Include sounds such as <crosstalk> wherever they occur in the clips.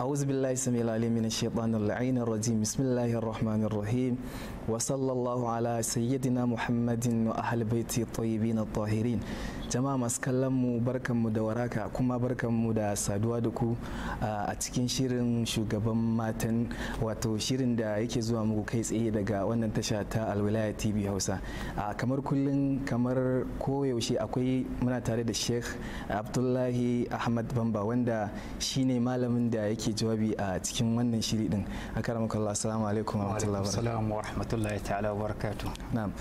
أعوذ بالله السميع العليم من الشيطان اللعين الرجيم بسم الله الرحمن الرحيم وصلى الله على سيدنا محمد وأهل بيته الطيبين الطاهرين jama'a masu kallon mu barkan mu da waraka kuma barkan mu da saduwa da ku a cikin shirin shugaban matan wato shirin da yake zuwa muku kai tsaye daga wannan tasha ta alwilaya tv hausa kamar kullum kamar koyaushe akwai muna tare da shek abdullahi ahmad bamba wanda shine malamin da yake jawabi a cikin wannan shiri din akaramakallah assalamu alaikum wa rahmatullahi rahmatullahi ta'ala wa barakatu na'am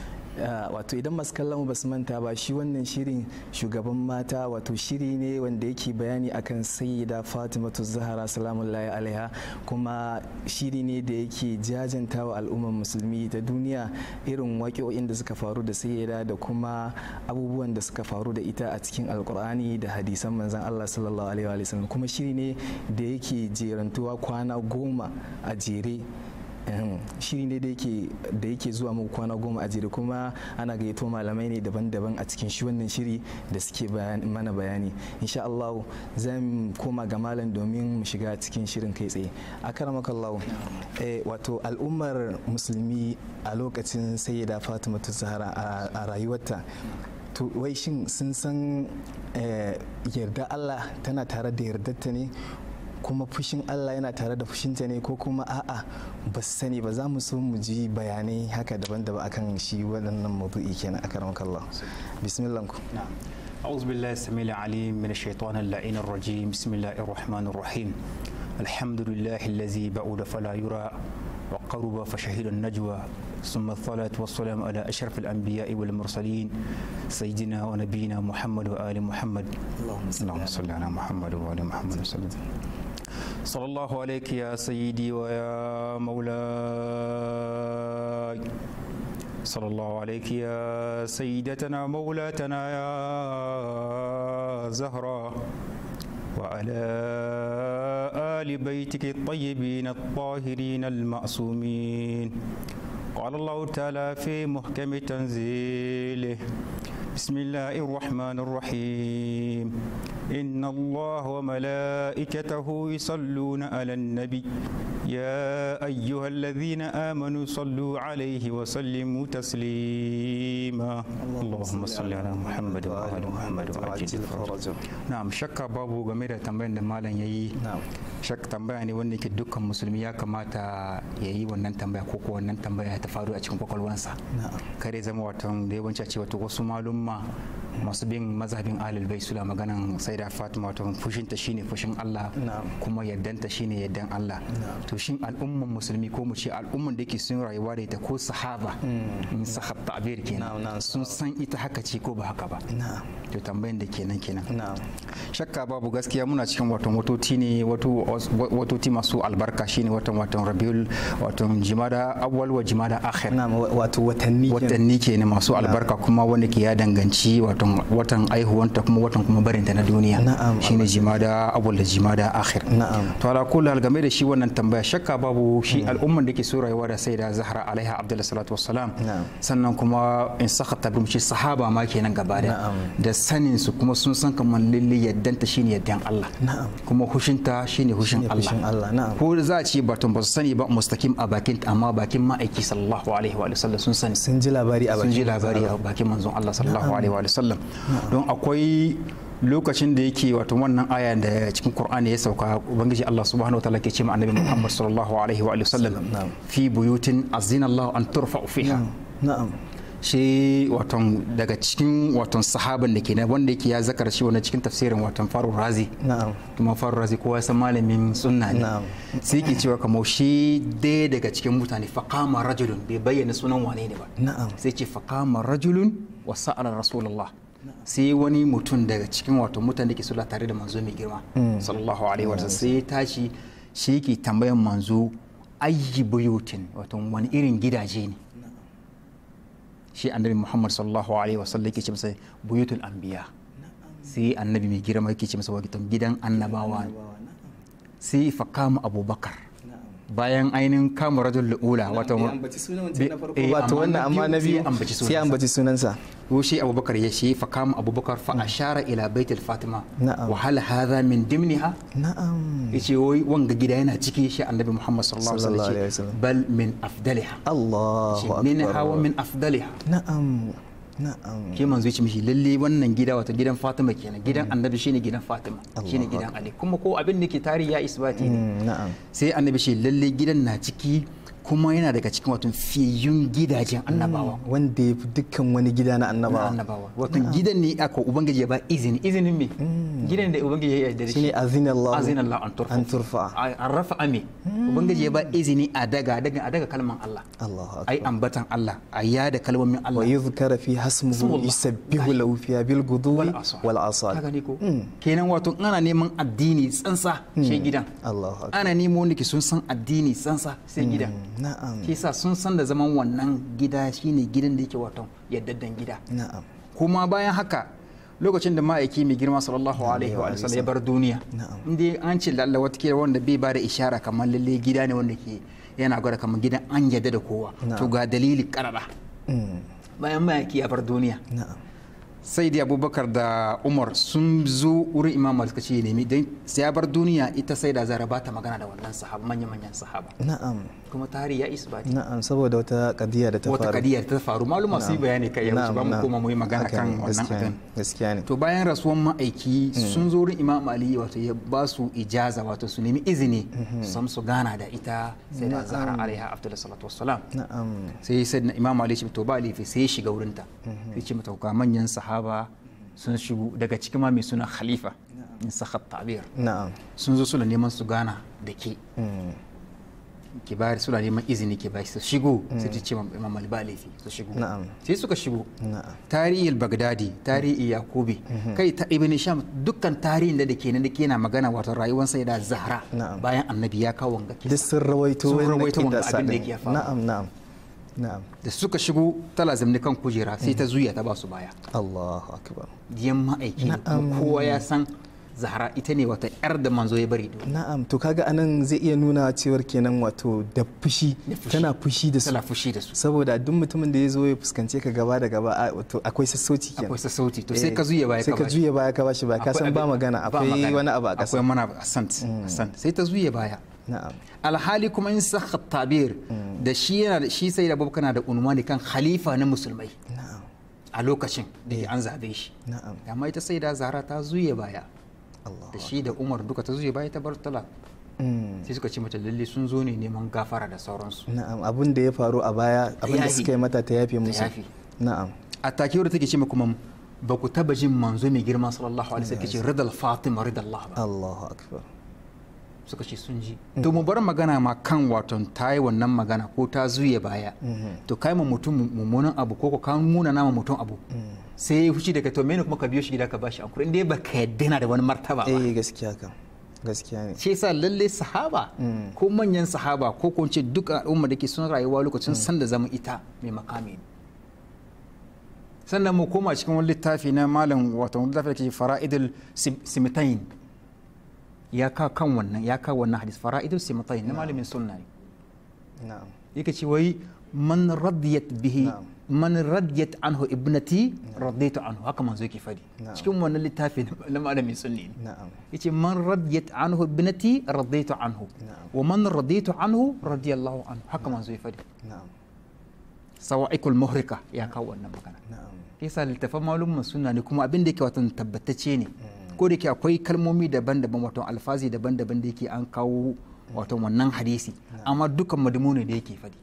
ah, wato idan masu kallon ba su manta ba shi wannan shirin shugaban mata wato shiri ne wanda yake bayani akan sayyida fatimatu zahara layi alaiha kuma shiri ne da yake jajantawa al'ummar musulmi ta duniya irin waƙo'in da suka faru da sayyida da kuma abubuwan da suka faru da ita a cikin alkur'ani da hadisan manzan allah sallallahu alaihi wa sallam kuma shiri ne da yake jerantuwa kwana goma a jere shiri ne da yake zuwa muku kwana goma a jere kuma ana gayyato malamai ne daban-daban a cikin shi wannan shiri da suke mana bayani insha Allah zan koma ga malam domin mu shiga cikin shirin kai tsaye a akramakallahu eh, wato al'ummar musulmi a lokacin sayyida Fatima ta zahara a rayuwarta to wai shin sun san eh, yarda Allah tana tare da yardarta ne kuma fushin Allah yana tare da fushinta ne ko kuma a'a ba sani ba za mu so mu ji bayani haka daban-daban akan shi wadannan maudu'i kenan akaram kallah bismillah ku samil alim min ash-shaytanir الشيطان اللعين الرجيم بسم الله الرحمن الرحيم الحمد لله الذي yura wa qaruba fa shahidun najwa ثم الصلاة والسلام على أشرف الأنبياء والمرسلين سيدنا ونبينا محمد وآل محمد اللهم صل على محمد وآل محمد وسلم صلى الله عليك يا سيدي ويا مولاي صلى الله عليك يا سيدتنا مولاتنا يا زهرة وعلى آل بيتك الطيبين الطاهرين المأسومين قال الله تعالى في محكم تنزيله بسم الله الرحمن الرحيم إن الله وملائكته يصلون على النبي يا أيها الذين آمنوا صلوا عليه وسلموا تسليما اللهم صل على محمد وعلى محمد وعجل فرجه نعم شك بابو غميرة تنبين مالا يي نعم شك تنبين يعني واني كدوك مسلمية كما تا يي وانن تنبين كوكو وانن تنبين تفارو أجنبوك الوانسا نعم كاري زموات دي وانشاة واتو غصو معلومة masu bin mazhabin alil bai sula maganan sai da fatima wato fushinta shine fushin Allah kuma ta shine yaddan Allah to shin al'umman musulmi ko mu ce al'umman da ke sun rayuwa da ita ko sahaba in hmm. sahab ta'bir kenan sun san ita haka ce ko ba haka ba to tambayan da kenan kenan shakka babu gaskiya muna cikin wato watoti ne watoti masu albarka shine watan watan rabiul watan jimada awwal wa jimada akhir wato watanni watanni kenan masu albarka kuma wanda ke ya danganci wato watan watan aihuwanta kuma watan kuma ta na duniya shine jimada awwal da jimada akhir to ala game da shi wannan tambaya shakka babu shi hmm. al'umman da ke so rayuwa da saida zahra alaiha abdullahi salatu wassalam sannan kuma in saka tabrim shi sahaba ma kenan gaba da da sanin su kuma sun san kamar lalle yaddanta shine yaddan Allah kuma hushinta shine hushin Allah ko za a ce batun ba su sani ba mustakim a bakin amma bakin ma'aiki sallallahu alaihi wa sallam sun sani sun ji labari a bakin manzon Allah sallallahu alaihi wa sallam wasallam don akwai lokacin da yake wato wannan aya da cikin Qur'ani ya sauka ubangiji Allah subhanahu wa ta'ala ke ce ma annabi Muhammad sallallahu alaihi wa sallam fi buyutin azina Allah an turfa fiha mm, na'am shi wato daga cikin wato sahaban da ke na wanda yake ya zakar shi wannan cikin tafsirin wato faru razi kuma faru razi kowa ya san malamin sunna ne sai yake cewa kamar shi daya daga cikin mutane faqama rajulun bai bayyana sunan wane ne ba sai ce faqama rajulun wa sa'ala rasulullah sai wani mutum daga cikin wato mutane da ke sula tare da manzo mai girma hmm. sallallahu alaihi wa hmm. sai ya tashi shi yake tambayan manzo ayyi buyutin wato wani irin gidaje ne shi annabi muhammad sallallahu alaihi wa sallam yake ce masa buyutul anbiya sai annabi mai girma yake ce masa wato gidan annabawa sai fa abubakar bayan ainihin kama rajul ula wato eh, wato wannan amma na biyu sai ambaci sunansa shi abubakar ya shi fa kama abubakar fa hmm. ashara ila baitul fatima wa hal hadha min dimniha na'am yace wai wanga gida yana ciki shi annabi muhammad sallallahu alaihi wasallam bal min afdaliha allahu akbar hawa min afdaliha na'am ke manzo ya ce mishi lalle wannan gida wato gidan Fatima kenan gidan mm. annabi shine gidan Fatima shine gidan Ali kuma ko abin da ke tarihi ya isbati ne mm, sai annabi shi lalle gidan na ciki kuma yana daga cikin watan fiyun gidajen annabawa hmm. wanda ya fi dukkan wani gida na annabawa watan hmm. gidan ne aka ubangiji ya ba izini izinin me hmm. gidan da ubangiji ya yarda shi ne azinallahu azinallahu an turfa an turfa an rafa ame ubangiji ya ba izini a daga daga a daga kalman Allah Allahu akbar ai ambatan Allah a ya da kalmomin Allah wa yuzkara fi hasmuhu yusabbihu lahu fiya bil guduwi wal asal kaga ne ko kenan wato ana neman addini tsansa shi gidan Allahu akbar ana nemo wanda ke sun san addini tsansa sai gidan shi sa sun san da zaman wannan gida shine gidan da yake wato dan gida kuma bayan haka lokacin da ma'aiki mai girma sallallahu alaihi wa sallam ya bar duniya inda an ce lalla wata wanda bai ba da ishara kamar lalle gida ne wanda ke yana gwada kamar gidan an yadda da kowa to ga dalili karara mm. bayan ma'aiki ya bar duniya sai da abubakar da umar sun zo wurin imam malik ce nemi don sai ya bar duniya ita sai da zara ba ta magana da wannan sahaba manya-manyan sahaba na'am kuma tarihi ya isbati na'am saboda wata kadiya da ta faru wata kadiya da ta faru maluma su yi bayani kai ya ba mu koma mu yi magana kan wannan abin gaskiya ne to bayan rasuwan ma'aiki mm. sun zo rin imam ali wato ya ba su ijaza wato su nemi izini sam mm-hmm. su gana da ita sai da zara alaiha abdul salatu wassalam na'am sai sai imam ali shi to ba alifi sai ya shiga wurinta sai mm-hmm. ce mata ga manyan sahaba sun shigo daga cikin ma mai suna khalifa in na'am sun zo suna neman su gana da ke mm. ki bayar suna neman izini ki bashi su shigo su ta ce imam ba laifi su shigo sai suka shigo tarihi bagdadi tarihi yakubi mhm. kai ta ibn sham dukkan tarihin da ke nan da ke na magana wato rayuwar sai da zahra bayan annabi ya kawo wanga duk sun rawaito wanda abin da ya faru na'am na'am da suka shigo ta lazimni kan kujera sai ta zuya mhm. ta ba su baya Allahu akbar yamma aiki kowa ya san zahara ita ne wata yar da manzo ya bari na'am to kaga anan zai iya nuna cewar kenan wato da fushi tana fushi da su tana fushi da su saboda duk mutumin da ya zo ya fuskance ka gaba da gaba wato akwai sassauci kenan akwai sassauci to sai eh, ka juya baya ka sai ka juya baya ka bashi ba ka san ba magana akwai wani abu a kasa akwai mana asant mm. asant sai ta juya baya alhali kuma in sakha tabir mm. da shi yana da shi sai da babu kana da unwani kan khalifa na musulmai a lokacin da eh. an zabe shi amma ita sai da zara ta zuye baya da shi da umar duka ta zuwa baya ta bar tala mm. sai suka ce mata lalle sun zo ne neman gafara da sauransu na'am abin da ya faru a baya abin da suka yi mata ta yafe musu na'am a take wurin take ce mai kuma ba ku taba jin manzo mai girma sallallahu alaihi wasallam ce ridal fatima ridal allah ba Allahu akbar suka ce sun ji mm. to mu bar magana ma kan waton ta yi wannan magana ko ta zuye baya mm-hmm. to kai ma mutum mummunan abu ko ka muna nama mutum abu mm. sai ya fushi daga to mene kuma ka biyo shi gida ka bashi ankuri inda ba ka yadda yana da wani martaba ba eh gaskiya ka gaskiya ne shi yasa lalle sahaba mm. ko manyan sahaba ko ko ce duk al'umma da ke son rayuwa lokacin sanda zama ita mai makami sannan mu koma cikin wani littafi na malam wato littafi da ke fara idil simtain ya ka kan wannan ya ka wannan hadis fara'idul simatayn na malamin sunna ne na'am yake ce wai man radiyat bihi man radiyat anhu ibnati radiyatu anhu haka manzo yake fadi cikin wannan littafi na malamin sunni ne yace man radiyat anhu ibnati radiyatu anhu wa man radiyatu anhu radiyallahu anhu haka manzo yake fadi sawa'ikul muhrika ya kawo wannan magana yasa littafan malumman sunna ne kuma abin da yake watan tabbatacce ne mm. ko da ke akwai kalmomi daban-daban wato alfazi daban-daban da yake an kawo wato wannan hadisi amma dukan madamu ne da yake fadi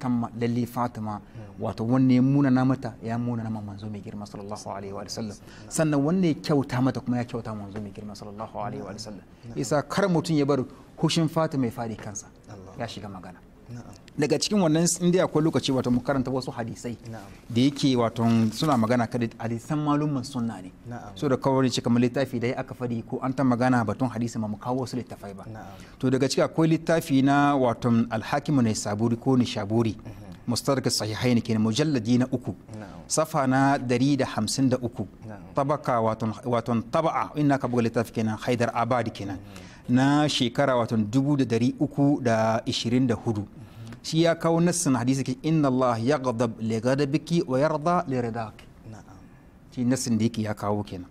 kan lalle fatima wato wanne ya na mata ya muna ma manzo mai girma sallallahu alaihi wa sallam sannan wanne ya kyauta mata kuma ya kyauta manzo mai girma sallallahu alaihi wa sallam isa kar mutum ya bar hushin fatima ya fadi kansa ya shiga magana daga cikin wannan indiya akwai lokaci wato mu karanta wasu hadisai da yake wato suna magana kada hadisan malumman sunna ne so da kawai ce kamar littafi da ya aka fadi ko an ta magana batun hadisi ma mu kawo wasu littafai ba to daga cikin akwai littafi na wato alhakimu ne saburi ko ni shaburi mustadrak mhm. sahihaini kenan mujalladi na uku safa na 153 tabaka wato taba'a in ka buga littafi kenan haidar abadi kenan mhm. na shekara wato hudu. shi ya kawo nassin hadisi ke inna Allah ya gadab li gadabiki wa yarda li ridak shi nassin da yake ya kawo kenan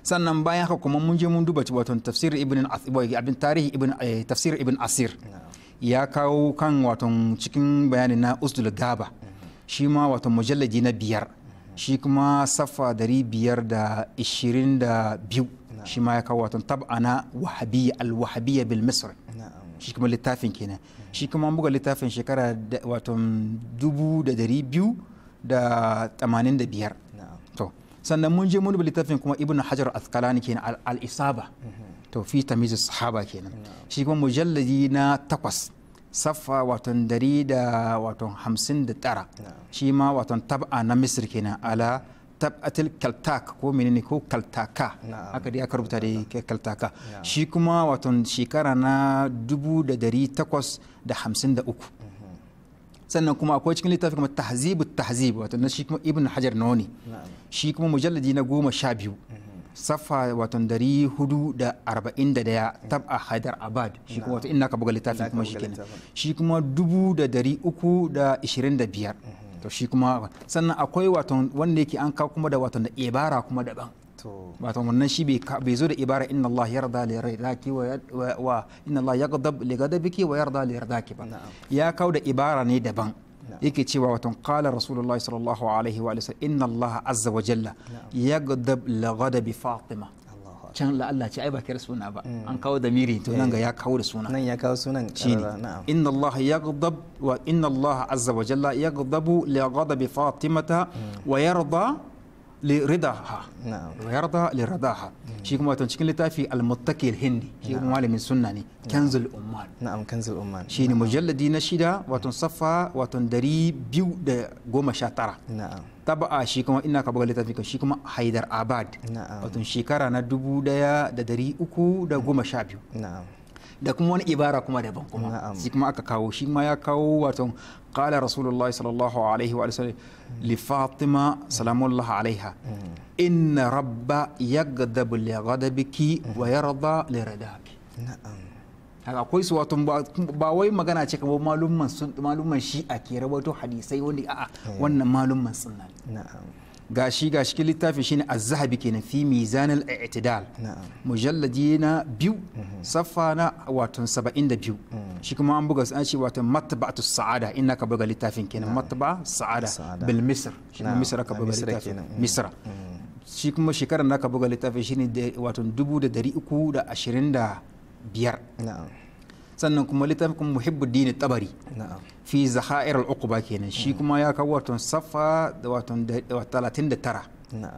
sannan bayan haka kuma mun je mun duba wato tafsir ibn abin tarihi ibn eh, tafsir ibn asir ya kawo kan wato cikin bayanin na usdul gaba shi ma wato mujallaji na biyar shi kuma safa dari biyar da ishirin da biyu shi ma ya kawo wato tab'ana wahabiyya al-wahabiyya bil misr shi kuma littafin kenan shi kuma an buga littafin shekara wato dubu da dari biyu da tamanin da biyar to sannan mun je mun buga littafin kuma ibn hajar askalani kenan al-isaba mhm. to fi tamizu sahaba kenan shi kuma mujalladi na takwas saffa watan dari da hamsin da tara shi ma watan tab'a na misir kenan ala atil kaltak ko menene ko kaltaka haka dai aka rubuta dai kaltaka shi kuma waton shekara na 1853 mhm. sannan kuma akwai cikin littafin kuma tahzibu tahzib wato na shi kuma ibn hajar noni shi kuma mujalladi na goma sha biyu mhm. safa wato dari hudu da arba'in da daya tab a haidar abad shi kuma wato inda ka buga littafin kuma shi kenan shi kuma dubu da dari uku da ishirin da biyar mhm. to shi kuma sannan akwai wato wanda yake an kawo kuma da wato da ibara kuma daban wato wannan shi bai zo da ibara inna Allah yarda li radaki wa inna Allah yaghdab li ghadabiki wa yarda li radaki ba ya kawo da ibara ne daban yake cewa wato qala rasulullahi sallallahu alaihi wa sallam inna Allah azza wa jalla yaghdab li ghadabi fatima can la Allah ce ai ba kira suna ba an kawo damiri to nan ga ya kawo da suna nan ya kawo sunan shine inna Allah yaghdab wa inna Allah azza wa jalla yaghdabu li ghadabi fatimata wa yarda liridaha yarda liradaha shi kuma wato cikin littafi al-muttaqi shi kuma malamin sunna ne kanzul umman shi ne mujalladi na shida wato safa wato 219 na'am taba'a shi kuma ina ka buga littafi shi kuma haidar abad wato shekara na 1312 na'am da kuma wani ibara kuma daban kuma shi kuma aka kawo shi ma ya kawo قال رسول الله صلى الله عليه وآله وسلم لفاطمة سلام الله عليها إن رب يغضب لغضبك ويرضى لرضاك haka akwai su wato ba wai magana ce kamar malumman sun malumman shi'a ke rawaito hadisai wanda a'a wannan malumman sunna na'am gashi gashi kin littafi shine az-zahabi kenan fi mizan al-i'tidal mujalladi na biyu mhm. saffa na watan 72 mm. shi kuma an buga an ce watan matba'atu sa'ada inna ka buga littafin kenan matba sa'ada bil misr shi ne misra ka buga littafin mm. misra mm. shi kuma shekarar da ka buga littafin shine watan 325 sannan kuma littafin kuma muhibbuddin tabari fi zaha'ir al'uquba kenan shi kuma ya kawo wato safa da wato 39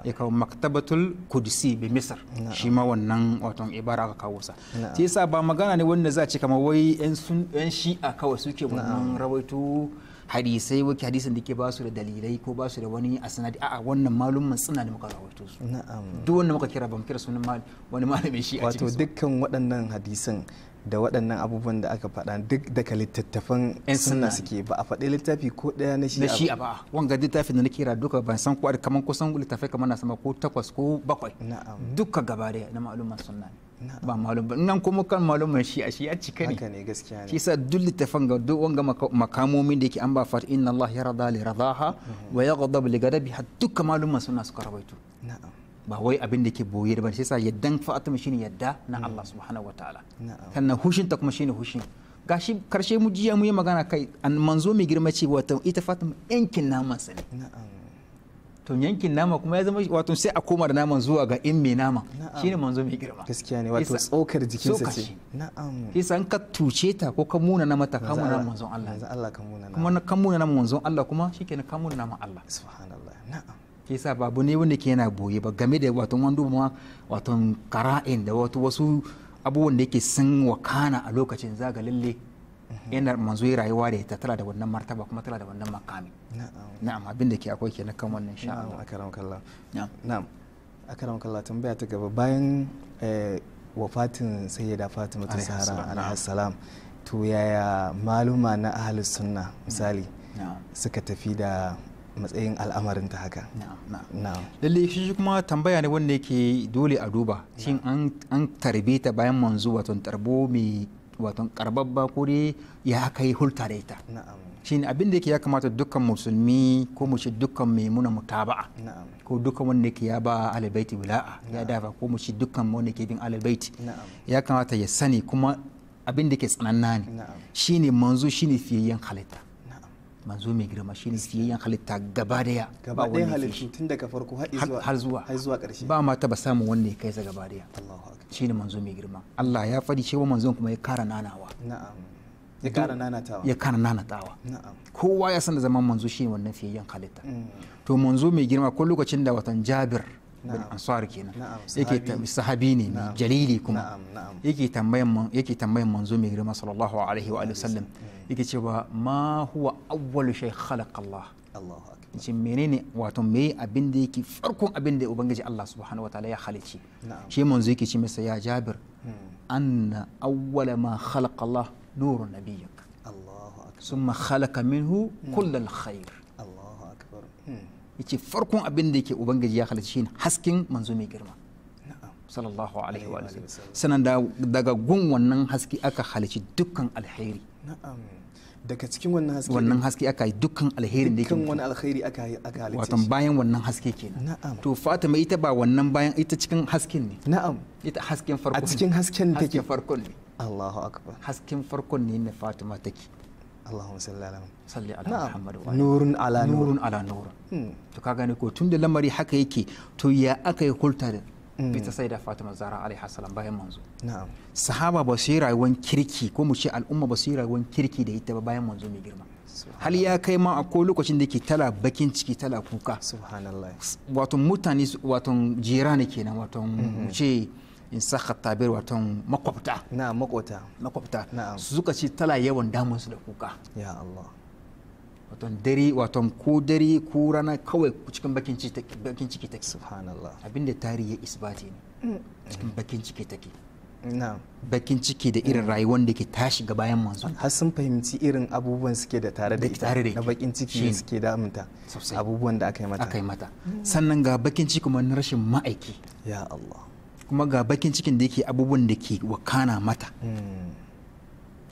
ya kawo maktabatul kudisi bi misar shi ma wannan wato ibara ka kawo sa sai yasa ba magana ne wanda za a ce kamar wai yan shi'a kawai suke wannan rawaito hadisai wuki hadisin da ke ba su da dalilai ko ba su da wani asanadi a'a wannan malumman suna da muka rawaito su duk wanda muka kira ba mu kira sunan wani malamin shi a cikin wato dukkan waɗannan hadisan da waɗannan abubuwan da aka faɗa duk daga littattafan suna suke ba a faɗi littafi ko ɗaya na shi shi ba wanga littafin da na kira duka ban san ko kaman kusan littafai kamar na sama ko takwas ko bakwai duka gaba da na suna ne ba malum ba nan kuma kan a shi a cika ne haka ne gaskiya ne shi sa duk littafan ga duk wanga makamomin da yake an ba far inna Allah yarda li radaha wa ya yaghdab li ghadabi har duka maluman suna suka rawaito na'am ba wai abin da ke boye ba sai sa yaddan fatima shine yadda na mm. Allah subhanahu wataala sannan hushin ta kuma shine hushin gashi karshe mu jiya mu yi magana kai an manzo mai girma ce wato ita fatima yankin naman sa ne to yankin nama kuma ya zama wato sai a koma da naman zuwa ga in mai nama shine manzo mai girma gaskiya ne wato tsokar jikinsa ce na'am yasa an ka tuce ta ko ka muna na mata ka muna manzon Allah Allah ka muna kuma ka muna na manzon Allah kuma shikenan ka muna ma Allah subhanallah na'am shi sa babu ne wanda ke yana boye ba game da wato wando ma wato kara'in da wato wasu abubuwan da yake sun wakana a lokacin zaga lalle mhm. yana manzo ya rayuwa da ta tara da wannan martaba kuma tara da wannan makami na'am abin da ke akwai ke na kan wannan sha Allah akaram kallah na'am akaram kallah tambaya ta gaba bayan eh, wafatin sayyida fatima ta sahara alaihi to yaya maluma na ahlus sunna misali suka tafi da matsayin al'amarin ta haka lalle shi kuma tambaya ne wanda yake dole a duba shin an tarbe ta bayan manzo wato tarbo mai wato karbabba ko ya kai hulta da ita shin abin da yake ya kamata dukkan musulmi ko mu ce dukkan mai muna mutaba. ko dukkan wanda yake ya ba albaiti wula'a ya dafa ko mu ce dukkan wanda yake bin albaiti ya kamata ya sani kuma abin da ke tsananna ne shi ne manzo fiye fiyayyen halitta manzo mai girma shine siyayyen halitta gaba daya gaba daya halittu tun daga farko har zuwa har zuwa karshe ba ma taba samun wanda ya kai sa gaba daya shine manzo mai girma Allah ya fadi cewa manzon kuma ya kara nanawa na'am ya kara nanatawa ya kara nanatawa na'am kowa ya san da zaman manzo shine wannan siyayyen halitta mm. to manzo mai girma ko lokacin da watan Jabir نعم. بالانصارك نعم،, نعم. نعم يكي تم الصحابيني جليلي كما نعم نعم نعم نعم نعم نعم نعم غير صلى الله عليه واله وسلم يكي تشوا ما هو اول شيء خلق الله الله اكبر شي منين واتم مي ابندي كي فركم ابندي وبنجي الله سبحانه وتعالى يا خالد شي شي منزي كي مس يا جابر ان اول ما خلق الله نور نبيك الله اكبر ثم خلق منه كل الخير الله اكبر yace farkon abin da yake ubangiji ya halitta shine hasken manzo mai girma sallallahu alaihi wa sanan daga gun wannan haske aka halici dukkan alheri daga cikin wannan haske wannan haske aka yi dukkan alherin da yake dukkan alheri aka yi aka halice wato bayan wannan haske kenan na'am to Fatima ita ba wannan bayan ita cikin hasken ne na'am ita hasken farko a cikin hasken take hasken farkon ne Allahu akbar hasken farkon ne na Fatima take Allahumma salli ala salli ala wa nurun ala nurun ala nur hmm. to ka gane ko tunda lamari haka yake to ya aka yi hulta da bita hmm. Fatima Zara alaiha salam bayan manzo sahaba ba su rayuwar kirki ko mu ce al'umma ba su yi rayuwar kirki da ita ba bayan manzo mai girma hal ya kai ma a lokacin da ke tala bakin ciki tala kuka subhanallah wato mutane wato jirani kenan wato hmm. mu ce in saka tabir watan makwabta na makwabta makwabta su suka ce tala yawan damun su da kuka ya Allah watan dare wato ko dare ko rana kawai cikin bakin ciki bakin ciki take subhanallah abinda tarihi ya isbati ne mm. cikin bakin ciki take na bakin ciki da irin mm. rayuwar da ke tashi ga bayan manzo har sun fahimci irin abubuwan suke da tare da ita na bakin ciki ne suke damunta abubuwan da aka yi mata aka yi mata sannan ga bakin ciki kuma na rashin ma'aiki ya Allah kuma ga bakin cikin da yake abubuwan da ke wakana mata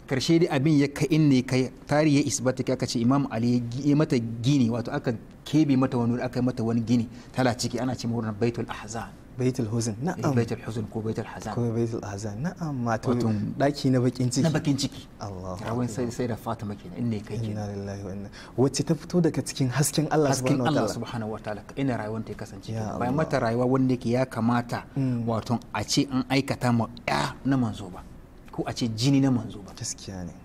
karshe da abin ya kai inda ya kai tari ya isbata aka ce imam ali ya mata gini wato aka kebe mata wani aka yi mata wani gini tala ciki ana ce murnar baitul ahzan baitul huzn eh, na'am baitul huzn ko baitul hazan ko hazan na'am wato daki na bakin ciki na bakin ciki sai sai da Fatima kenan inne kai kenan inna lillahi wa inna wacce ta fito daga cikin hasken Allah subhanahu wataala hasken Allah subhanahu ina rayuwar ta kasance bayan mata rayuwa wanda yake ya kamata mm. wato a ce an aikata mu ya na manzo ko a ce jini na manzo ba gaskiya ne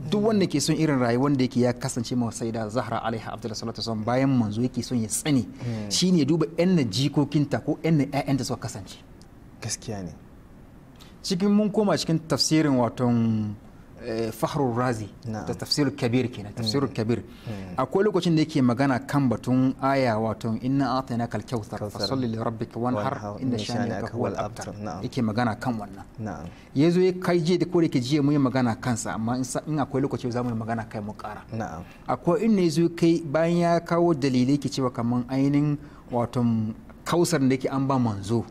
duk wanda ke son irin rayuwar da yake ya kasance ma sai da zahra alaiha abdullahi salatu wasallam bayan manzo yake son ya tsani hmm. shine duba yan jikokinta ko yan ta suka kasance gaskiya ne cikin mun koma cikin tafsirin waton Eh, Fahru razi da tafsirul kabir kenan tafsirul mm. kabir mm. akwai lokacin da yake magana kan batun aya wato inna atayna kal kautsar fa salli li rabbika wanhar inna shanaka huwal abtar yake magana kan wannan yazo ya kai je da kore ke je mu yi magana kansa amma in akwai lokaci za mu yi magana kai mu kara akwai inda yazo kai bayan ya kawo dalilai ke cewa kaman ainihin wato kausar da yake an ba manzo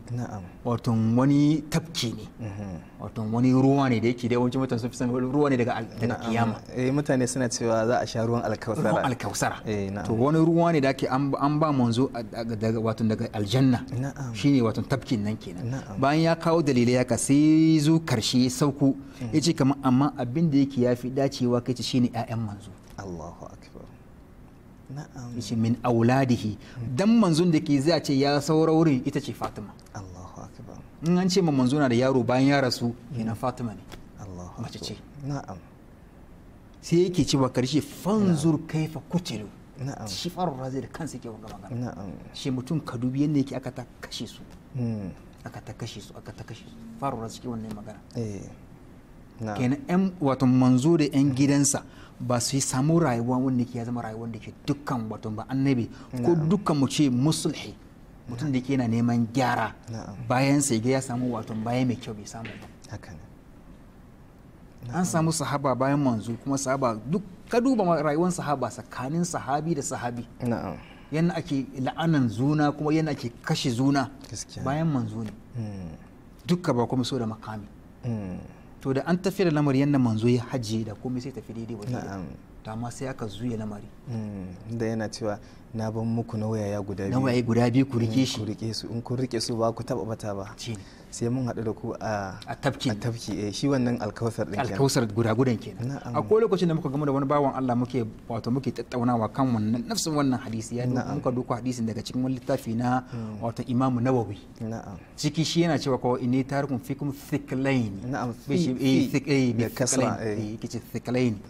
wato wani tafki ne mhm. wato wani ruwa ne da yake da yawancin mutane sun fi ruwa ne daga kiyama eh mutane suna cewa za a sha ruwan alkausara ruwan alkausara eh, to wani ruwa ne da ake an ba manzo daga wato daga aljanna shine wato tafkin nan kenan bayan ya kawo dalilai haka sai zo karshe sauku mm. yace kamar amma abin da yake yafi dacewa kai ce shine ƴaƴan manzo Allahu shi min auladihi dan manzon da ke zai ce ya saura wurin ita ce Fatima Allahu akbar in an ce ma manzo na da yaro bayan ya rasu yana hmm. Fatima ne Allahu mace ce na'am sai yake cewa karshe fanzur kaifa kutilu na'am shi faru razi da kansa yake wanga magana na'am shi mutum ka dubi yanda yake aka ta kashe su hmm. aka ta kashe su aka ta kashe su faru razi yake wannan magana eh kenan yan wato manzo da yan hmm. gidansa ba su yi samu rayuwa wanda ke ya zama rayuwa da ke dukkan wato ba annabi ko dukkan mu ce musulhi mutum da ke yana neman gyara bayan sai ya samu wato bayan mai kyau bai samu ba an samu sahaba bayan manzo kuma sahaba duk ka duba rayuwar sahaba tsakanin sahabi da sahabi yana ake la'anan zuna kuma yana ake kashe zuna bayan manzo ne hmm. dukka ba kuma so da makami hmm. to da an tafi da lamari yadda manzo ya hajji da komai sai tafi daidai wani to amma sai aka zuya lamari mm, da yana cewa na ban muku na ya guda biyu na guda biyu ku rike mm, shi ku rike su in kun rike su ba ku taba bata ba sai mun haɗu da ku a tafki a tafki eh shi wannan alkausar din alkausar guda gudan kenan akwai lokacin da muka gama da wani bawan Allah muke wato muke tattaunawa kan wannan nafsin wannan hadisi ya muka duka hadisin daga cikin wani littafi na hmm. wato Imam Nawawi na'am ciki shi yana cewa ko inni tarikum fikum thiklain na'am fi eh thiqlain eh, bi kasra eh, eh kici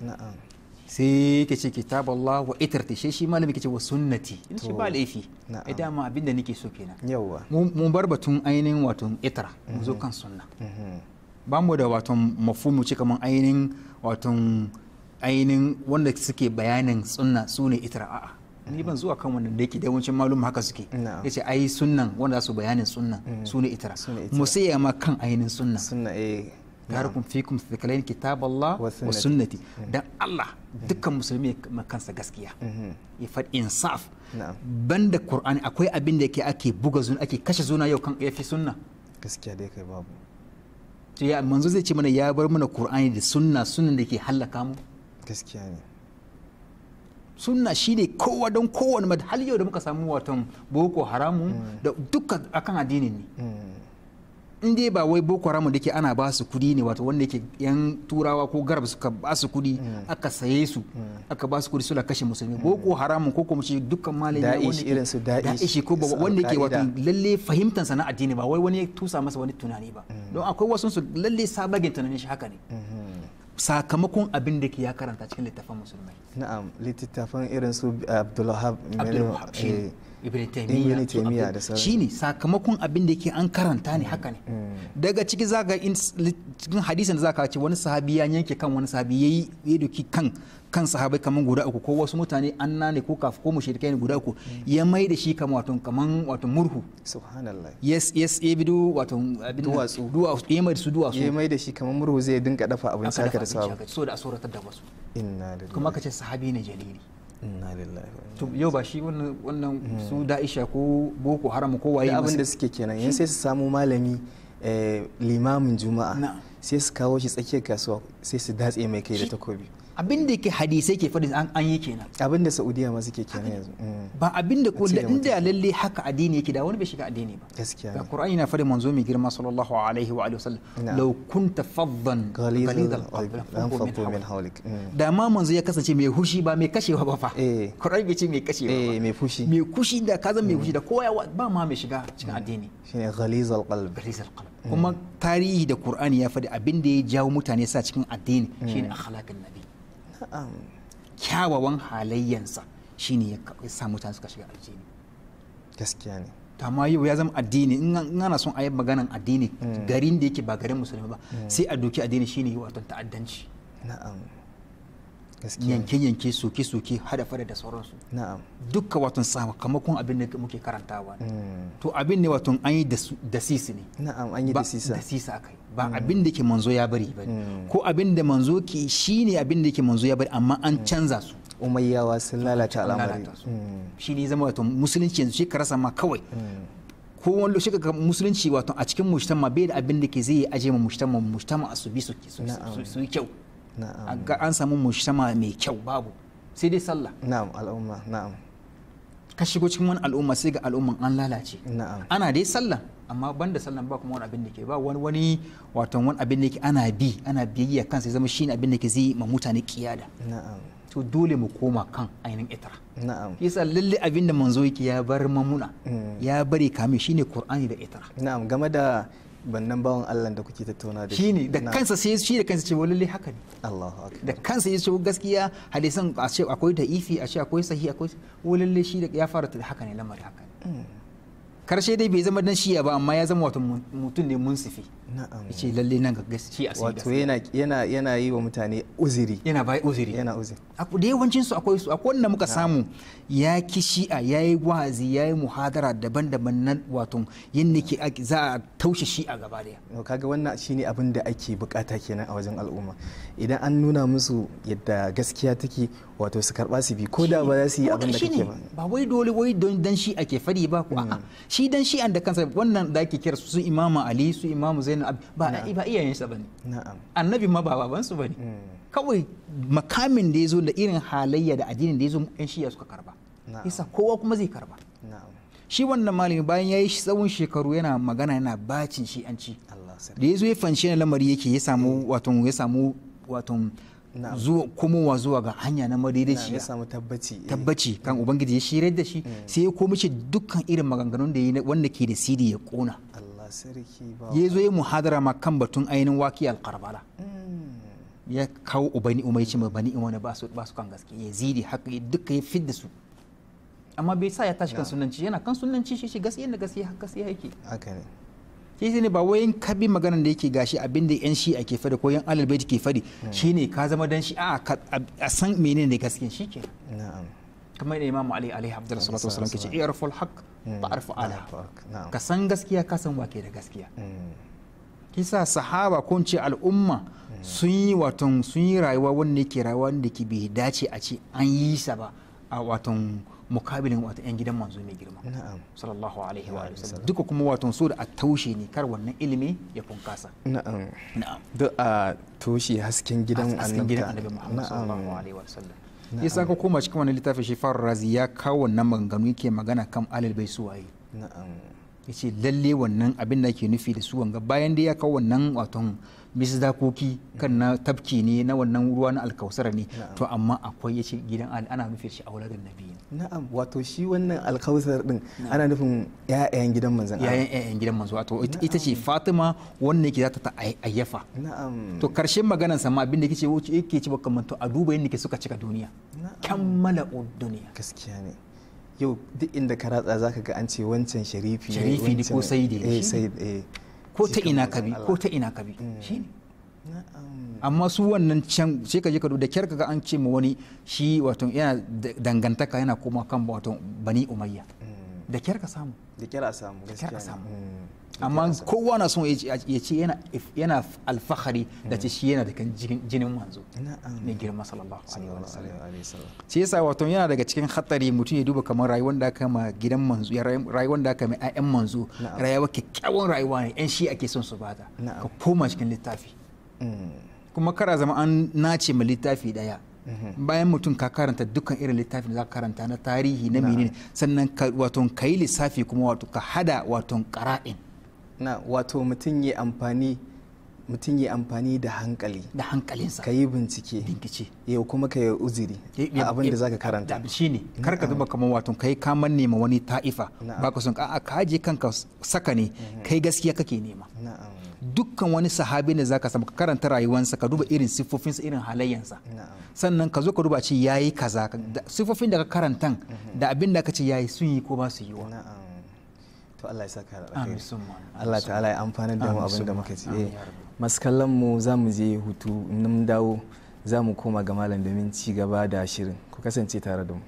na'am sai yake ce kitab Allah wa itarti shi shi malami yake ce wa sunnati in shi ba laifi ai ma abin da nake so kenan yawa mun bar batun ainihin wato itara mu zo mhm. kan sunna mhm. ba mu da wato mafhumu ce kaman ainihin wato ainihin wanda suke bayanin sunna su ne itara a'a ni mhm. ban zuwa kan wannan da yake da yawancin malum haka suke yace ai sunnan wanda za su bayanin sunnan su ne itara mu sai ma kan ainihin sunna sunna eh tarikum fikum thakalain kitaballah wa sunnati eh. dan Allah eh. duka musulmi ya kansa gaskiya mhm. ya fad insaf banda kur'ani akwai abin da yake ake buga zuna ake kashe zuna yau kan yafi sunna gaskiya dai zai ce mana ya bar mana qur'ani da sunna da ke halaka mu gaskiya sunna shine kowa don kowane har yau da muka samu watan boko haramu mm. da duka akan addinin ne mm. in dai ba wai boko haram da ke ana ba su kudi ne wato wanda yake yan turawa ko garab suka ba su kudi mm. aka saye su mm. aka ba su kudi suna kashe musulmi boko mm. haram ko kuma shi dukkan malami wanda irin su ishi ko wanda yake wato lalle fahimtar sana addini ba wai wani ya tusa masa wani tunani ba don akwai wasu su lalle sabagin tunanin shi haka ne mm-hmm. sakamakon abin da ke ya karanta cikin littafin musulmai na'am littattafan irin su Abdullahi Abdullahi. ibn taymiya da shine sakamakon abin da yake an karanta ne mm. haka ne mm. daga ciki zaka in cikin hadisin da zaka ce wani sahabi ya yanke kan wani sahabi yayi ya doki kan kan sahabai kaman guda uku ko wasu mutane an nane ko kafu ko mushrikai ne guda uku mm. ya mai da shi kaman wato kaman wato murhu subhanallah yes yes ya bido wato abin duwatsu duwatsu ya mai da su duwatsu ya mai da shi kaman murhu zai dinka dafa abin saka da sabu so da asoratar da wasu inna lillahi kuma kace sahabi ne jalili yau ba shi wannan hmm. su da'isha ko boko haram ko waye abin da suke kenan yan sai su samu malami eh, limamin juma'a sai su kawo shi tsakiyar kasuwa sai su datse mai kai da takobi abin da ke hadisai ke faɗi an yi kenan abin da saudiya ma suke kenan yanzu mm. ba abin da ko da inda lalle haka addini yake da wani bai shiga addini ba gaskiya ga qur'ani na fadi manzo mai girma sallallahu alaihi wa alihi wasallam law kunta faddan qalidal qalb min hawlik mm. da ma manzo ya kasance mai hushi ba mai kashewa ba fa eh. qur'ani bai ce mai kashewa ba eh, mai fushi mai kushi da ka zama mai mm. fushi da kowa ba ma mai shiga cikin addini shine ghalizal qalb ghalizal qalb kuma tarihi da qur'ani ya fadi abin da ya jawo mutane sa cikin addini shine akhlaqin nabi Um, kyawawan halayyansa ne ya sa mutane suka shiga addini gaskiya ne amma yau ya zama addini in ana son a yi maganan addini mm. garin da yake ba garin musulmi ba mm. sai a doki addini ne yi wato ta'addanci yanke-yanke soke-soke hada-fada da sauransu dukka watan sakamakon abin da muke karantawa ne mm. to abin ne watan an yi da sisi ne na'am an yi da sisa da sisa akai ba mm. abin da ke manzo ya bari ba mm. ko abin da manzo ke shine abin da ke manzo ya bari amma an canza su umayyawa sun lalata al'amari shi ne zama watan musulunci yanzu shi ka rasa ma kawai ko wani lokaci ga musulunci wato a cikin mujtama bai da abin da ke zai yi aje ma mujtama mujtama asubi su su kyau ga an samu mujtama mai kyau babu sai dai sallah na'am al'umma na'am ka shigo cikin wani al'umma sai ga al'umman an lalace na'am ana dai sallah amma banda sallan ba kuma wani abin da ke ba wani wani wato wani abin da ke ana bi ana biyayya kan ya zama shine abin da ke zai ma mutane kiyada na'am to dole mu koma kan ainihin itara na'am yasa lalle abin da manzo yake ya bar mamuna mm. ya bare kame shine qur'ani da itara na'am game da bannan bawan Allah da kuke tattauna da shi ne da kansa sai shi da kansa ce wa lalle haka ne Allahu akbar da kansa ya ce gaskiya hadisan a ce akwai da ifi a ce akwai sahi akwai wa lalle shi da ya fara ta haka ne lamar haka ne mm. karshe dai bai zama dan shiya ba amma ya zama wato mutum ne munsifi ce lalle nan ga gaske a wato yana yana yana yi wa mutane uziri yana bai uziri yana uziri da yawancin su akwai su akwai wanda muka samu ya ki shi'a ya yi yayi ya yi muhadara daban-daban nan wato yin ke za a taushe shi'a gaba daya kaga wannan shine abin da ake bukata kenan a wajen al'umma idan an nuna musu yadda gaskiya take wato su karba su bi ko da ba za su yi abin da kake ba ba wai dole wai don dan shi'a ke fari ba ku a'a hmm. shi dan shi'an da kansa wannan da ake kira su imama ali su imamu zainab wannan abu ba iyayen iyayensa bane annabi ma ba baban su bane hmm. kawai makamin da yazo da irin halayya da addinin da ya zo yan shiya suka karba yasa kowa kuma zai karba shi wannan malami bayan yayi yi tsawon shekaru yana magana yana bacin shi an da ya zo ya fanshi na lamari yake ya samu hmm. wato ya samu wato zuwa komowa zuwa ga hanya na madaidaci ya samu tabbaci eh. tabbaci kan ubangiji ya shirar da shi hmm. sai ya komace dukkan irin maganganun da ya wanda ke da sidi ya kona ya zo ya muhadara ma kan batun ainihin waki alkarbala hmm. ya kawo ubani umai ma bani wani ba su kan gaske ya zidi haka duka ya fidda su amma bai sa ya tashi kan sunanci yana kan sunanci shi gaske da gaske haka sai yake shi ne ba wayan kabi maganar da yake gashi abin da yan shi'a ke fadi ko yan alalbaiti ke fadi hmm. shine ka zama dan shi'a a san menene gaske shi na'am kamar da imamu ali alaihi abdul salatu wasallam ke ce i'riful haqq hmm. ta'rif ala ka san gaskiya ka san wake da gaskiya hmm. kisa sahaba ko ce al'umma hmm. sun yi waton sun yi rayuwa wanda ke rayuwa wanda ke bai dace a ce an yi sa ba a waton mukabilin wato yan gidan manzo mai girma sallallahu alaihi wa sallam duka kuma wato so da a taushe ne kar wannan ilimi ya funkasa na'am na'am duk a toshe hasken gidan annabi Muhammad sallallahu alaihi wa sallam yasa ko koma cikin wani littafin shi faru razi ya kawo wannan maganganu yake magana kan alal bai suwaye ya ce lalle wannan abin da ke nufi da su wanga bayan da ya kawo wannan waton misdakoki kan na tabki ne na wannan ruwa na alkausara ne to amma akwai ya ce gidan ana nufi shi a wuladin nabi na'am wato shi wannan alkausar din ana nufin yayan gidan manzon ya'yan yayan gidan manzon wato ita ce Fatima wannan yake zata ta ayyafa na'am to karshen maganar sa ma abinda kike wuce yake ci baka manto a duba yadda suka cika duniya kammala duniya gaskiya ne yau duk inda ka ratsa zaka ga an ce wancan sharifi ne sharifi ne ko saidi eh, eh ko ta ina kabi ko ta ina kabi mm. shine amma su wannan can sai ka je ka da kyar ga an ce ma wani shi wato yana dangantaka yana koma kan wato bani umayya da kyar ka samu da kyar a samu da kyar a samu hmm. amma kowa na son ya ce yana alfahari da ce shi yana daga jinin manzo ne girma sallallahu alaihi wasallam sai yasa wato yana daga cikin hatsari mutum ya duba kamar rayuwar da aka ma gidan manzo rayuwar da aka ma ayyan manzo rayuwa kyakkyawan rayuwa ne yan shi ake son su bada ka koma cikin littafi kuma kara zama an nace ma littafi daya mhm. bayan mutum ka karanta dukkan irin littafi da za ka karanta na tarihi na menene sannan wato ka yi lissafi kuma wato ka hada wato kara'in na wato mutum ya amfani mutum ya amfani da hankali da hankalinsa ka yi bincike bincike yau kuma ka yi uziri a abin da zaka karanta shi ne kar ka zuba kamar wato kai ka manne nema wani ta'ifa ba ka son ka je kanka saka ne mhm. kai gaskiya kake nema na'am dukkan wani sahabi ne zaka samu ka karanta rayuwansa ka duba irin siffofinsa irin halayyansa sannan ka zo ka duba ce yayi kaza siffofin da ka karantan mhm. da abin da ka ce yayi sun yi ko ba su yi wa to Allah ya saka alkhairi Allah ta'ala ya amfana da mu abin da muka ci eh, masu kallon mu za mu je hutu nan dawo za mu koma ga malam domin ci gaba da shirin ku kasance tare da mu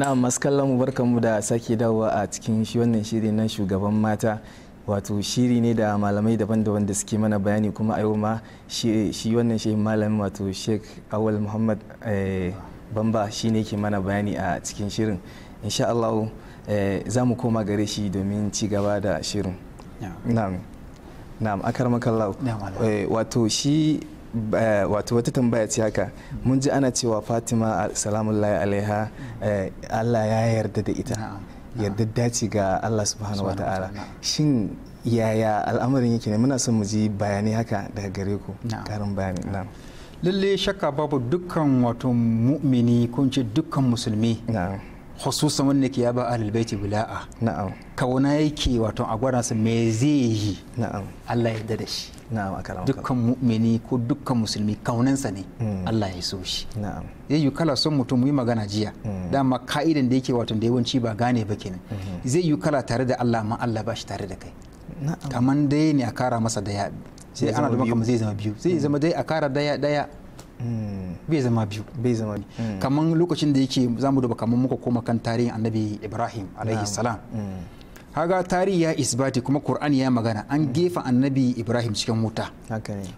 na'am kallon mu mu da sake dawowa a cikin shi wannan shiri na shugaban mata wato shiri ne da malamai daban-daban da suke mana bayani kuma a yau ma shi wannan shi malamin wato sheik awal muhammad eh, bamba shi ne ke mana bayani a cikin shirin insha Allah eh, za mu koma gare shi domin ci gaba da shirin na'am na'am akar eh, wato shi wato wata tambaya ce haka mun ji ana cewa fatima salamun alaiha eh, allah ya yarda da ita yarda dace ga allah subhanahu wa ta'ala shin yaya al'amarin yake ne muna son mu ji bayanai haka daga gare ku karin bayani na lalle shakka babu dukkan wato mu'mini ko ce dukkan musulmi hususan wanda ke yaba ahlul bula'a. bila'a na'am kauna yake wato a gwada me zai yi na'am Allah ya yarda da shi dukkan mu'mini ko dukkan musulmi kaunansa ne hmm. Allah ya so shi zai yi kala son mutum yi magana jiya hmm. dama ka'idan da yake wato da yawanci ba gane ba kenan hmm. zai yi kala tare da Allah ma Allah ba shi tare da kai kamar dai ne a kara masa daya sai ana da kamar zai zama biyu zai zama dai a kara daya daya bai zama biyu bai zama biyu kamar lokacin da yake zamu duba kamar muka koma kan tarihin annabi Ibrahim alaihi salam haga tarihi ya isbati kuma qur'ani ya magana an hmm. gefa annabi ibrahim cikin wuta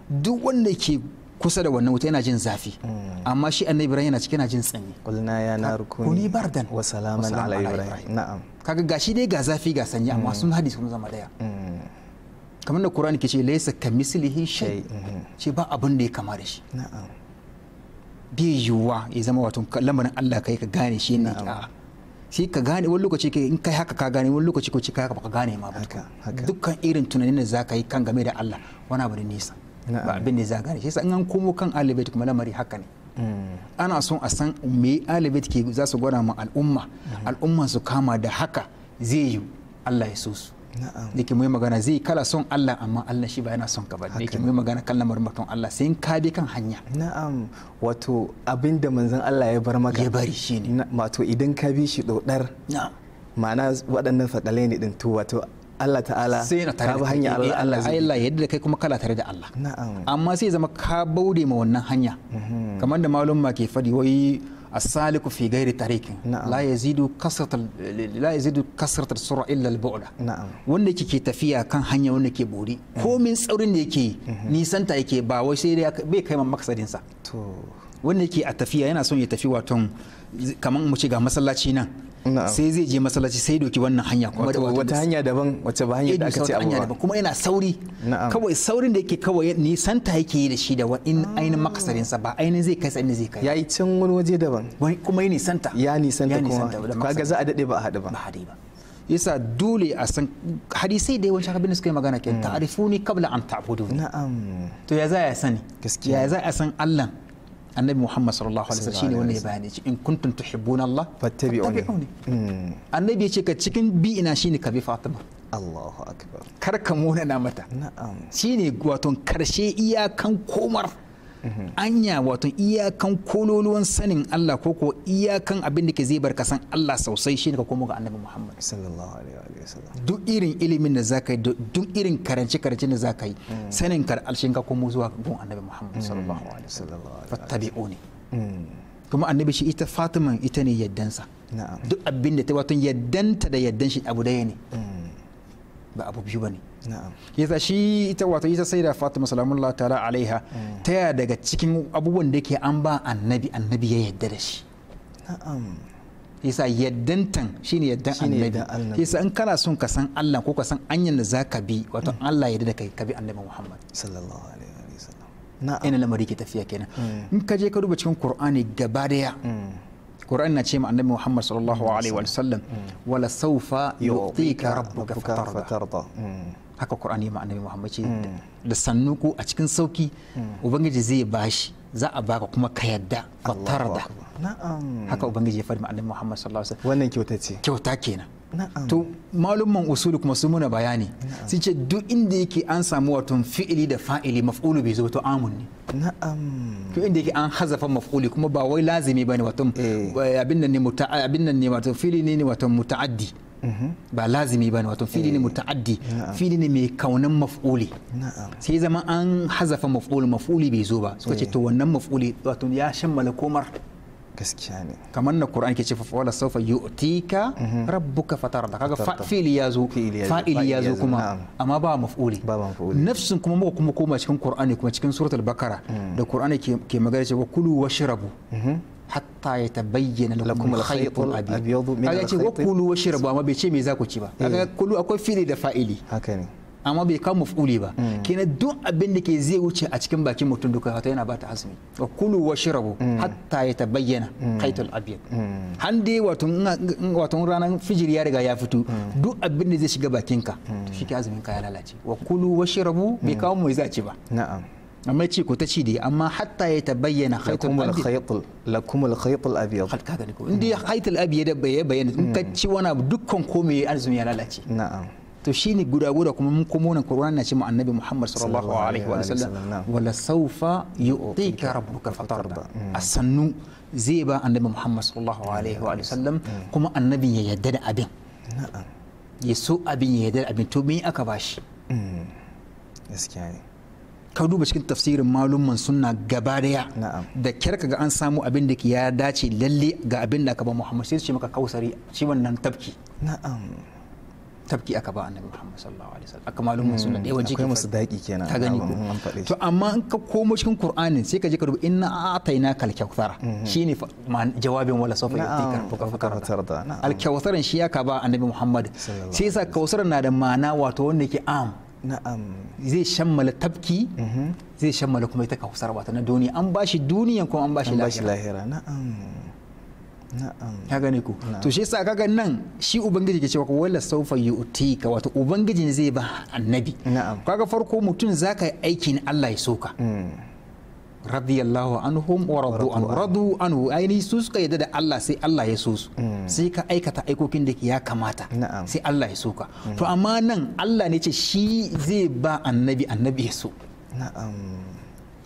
duk wanda ke kusa da wannan wuta yana jin zafi hmm. amma shi annabi ibrahim yana cikin yana jin tsani kulna ya rukuni kuni bardan wa salaman ala ibrahim na'am kaga gashi dai ga zafi ga sanyi amma hmm. sun hadisi sun zama daya kamar da qur'ani ke ce laysa kamislihi shay mhm. ce ba abin da ya kama da shi na'am bai yiwuwa ya zama wato lamarin Allah kai ka gane shi ne a'a sai ka gane wani lokaci ka in kai haka ka gane wani lokaci ko kai haka ka gane ma ba dukkan irin tunanin da zaka yi kan game da Allah wani abu da nisa ba abin da za gane shi yasa in an komo kan alibait kuma lamari haka ne mm. ana son a san me alibait ke za su gwada ma al'umma mm-hmm. al'umma su kama da haka zai yi Allah ya so su da ke mai magana zai kala son Allah amma Allah shi ba yana son ka ba da ke muyi magana kan lamarin mutum Allah sai in ka bi kan hanya na'am wato abin da manzon Allah ya bar maka ya bari shi ne. wato idan ka bi shi dodar na'am ma'ana waɗannan fadalai ne din to wato Allah ta'ala sai na tare da hanya Allah eh, Allah zai Allah yadda da kai kuma kala tare da Allah na'am amma sai zama ka baude ma wannan hanya mhm. kamar da malum ma ke fadi wai A Saliku غير طريق نعم. لا يزيد كثرة لا illa كثرة السرعة wanda ke tafiya kan hanya wanda ke bori komin tsaurin da yake nisanta yake ba wai sai bai kai man maksadin to wanda yake a tafiya yana son ya tafi waton kamar mu ce ga masallaci nan sai zai je masallaci sai doki wannan hanya kuma da wata hanya daban wacce ba hanya da aka ce abuwa kuma yana sauri kawai saurin da yake kawai santa yake yi da shi da wani ah. ainihin makasarin sa ba ainihin zai kai sa inda zai kai yayi can wani waje daban kuma ya nisanta ya nisanta kuma kaga za a dade ba a haɗu ba ba hadu ba yasa dole a san hadisai da yawan da suka yi magana ke hmm. ta'arifuni kabla an ta'budu na'am to ya za a sani gaskiya ya za a san Allah annabi muhammad sallallahu alaihi wasallam shine wanda ya bayyana shi in kuntum tuhibbun allah fattabi'uni hmm. annabi ya ce ka cikin bi ina shine kabi fatima Allahu akbar kar ka muna na mata na'am shine wato karshe iyakan komar anya wato iyakan kololuwan sanin Allah ko ko iyakan abin da ke zai bar kasan Allah sosai shine ka komo ga Annabi Muhammad sallallahu alaihi wa sallam duk irin ilimin da zakai duk irin karance karance da zakai mm. sanin kar alshin ka komo zuwa ga Annabi Muhammad mm. sallallahu alaihi wa sallam fattabi'uni mm. kuma annabi shi ita Fatima ita ne yaddansa duk abin da ta wato yaddanta da yaddan shi abu daya ne ba abu biyu bane yasa shi ita wato ita sai da fatima salamullah ta'ala alaiha mm. taya daga cikin abubuwan da ke an ba annabi annabi ya yadda da shi yasa yaddantan shine yaddan annabi yasa in kana son ka san Allah ko ka san anyan da zaka bi wato mm. Allah ya da kai ka bi annabi Muhammad sallallahu alaihi wasallam na'am ina lamari ke tafiya kenan mm. in ka je ka duba cikin Qur'ani gaba daya Qur'ani na ce ma annabi Muhammad sallallahu alaihi wasallam wala sawfa yu'tika rabbuka fatarda haka qur'ani ma annabi muhammad ce hmm. da sannu a cikin sauki hmm. ubangiji zai bashi za a baka kuma ka yadda ba tarda haka ubangiji ya faɗi ma annabi muhammad sallallahu alaihi wasallam wannan kyauta ce kyauta kenan to malumman usuli kuma sun muna bayani sun ce duk inda yake an samu wato fi'ili da fa'ili maf'ulu bai zo to amun ne na'am to inda yake an hazafa maf'uli kuma ba wai lazimi bane wato eh. Eh, abin nan ne abin nan ne wato fi'ili ne wato muta'addi ba lazimi ba ne wato fili ne eh. muta'addi fili ne mai kaunan maf'uli sai zama an hazafa maf'ul maf'uli bai zo ba suka ce to eh. wannan maf'uli wato ya shammala komar gaskiya ne kamar na Qur'an ke ce fa wala sawfa yu'tika mhm. rabbuka fatarda kaga fa'ili ya zo fa'ili ya zo kuma amma ba maf'uli ba maf'uli nafsin kuma muka kuma koma cikin Qur'ani kuma cikin suratul bakara mm. da Qur'ani ke magana ce wa kulu washrabu mhm. hatta ya tabayyana lakum al-khayt al-abyad min al-khayt wa kulu wa shrabu amma bai ce me za ku ci ba eh. kaga kulu akwai fili da fa'ili haka ne amma bai kawo maf'uli ba mm. kenan duk abin da ke zai wuce a cikin bakin mutum duka wato yana bata azumi wa kulu wa shrabu mm. hatta ya tabayyana mm. khaytul abyad han dai wato wato ranar fijir ya riga ya fito duk abin da zai shiga bakinka to shi ke azumin ka ya lalace wa kulu wa shrabu bai kawo mai za ci ba na'am amma ce ko ta ci dai amma hatta ya ta bayyana khaytul abyad lakum al khaytul abyad har ka gani ko inda khaytul abyad bayyana in ka ci wani dukkan ko me arzumi ya lalace to shi shine guda guda kuma mun komo nan Qur'ani na ce mu Annabi Muhammad sallallahu alaihi wa sallam wala saufa yu'tika rabbuka fatarda asannu zai ba Annabi Muhammad sallallahu alaihi wa sallam kuma Annabi ya yadda da abin ya so abin ya yadda da abin to me aka bashi gaskiya ne ka duba cikin tafsirin malumman sunna gaba daya da kyar ga an samu abin da ya dace lalle ga abin da aka ba Muhammad sai ce maka kausari shi wannan tafki Tabki tafki aka ba annabi Muhammad sallallahu alaihi wasallam aka malumman sunna da hmm, yawan jikin musu daki kenan ka gani ko to amma in ka komo cikin Qur'ani sai ka je ka duba inna ataina kal kautsara hmm, hmm. shine jawabin wala sawfa yatika fuka fuka al kautsaran shi aka ba annabi Muhammad sai sa kautsaran na da ma'ana wato wanda yake am zai shammala tabki. Mhm. zai shammala kuma ita kausar wata na duniya an bashi duniyan kuma an bashi lahira na'am gane ku to shi sa kaga nan shi ubangiji ke cewa wala saufa yu'tika wato ubangiji zai ba annabi kaga farko mutum zaka yi aikin Allah ya soka mm. radiyallahu anhum wa radu an radu anhu ainihi su suka yadda da Allah sai Allah ya susu hmm. sai ka aikata aikokin da ya kamata sai Allah ya suka hmm. to amma nan Allah ne ce shi zai ba annabi annabi ya so na'am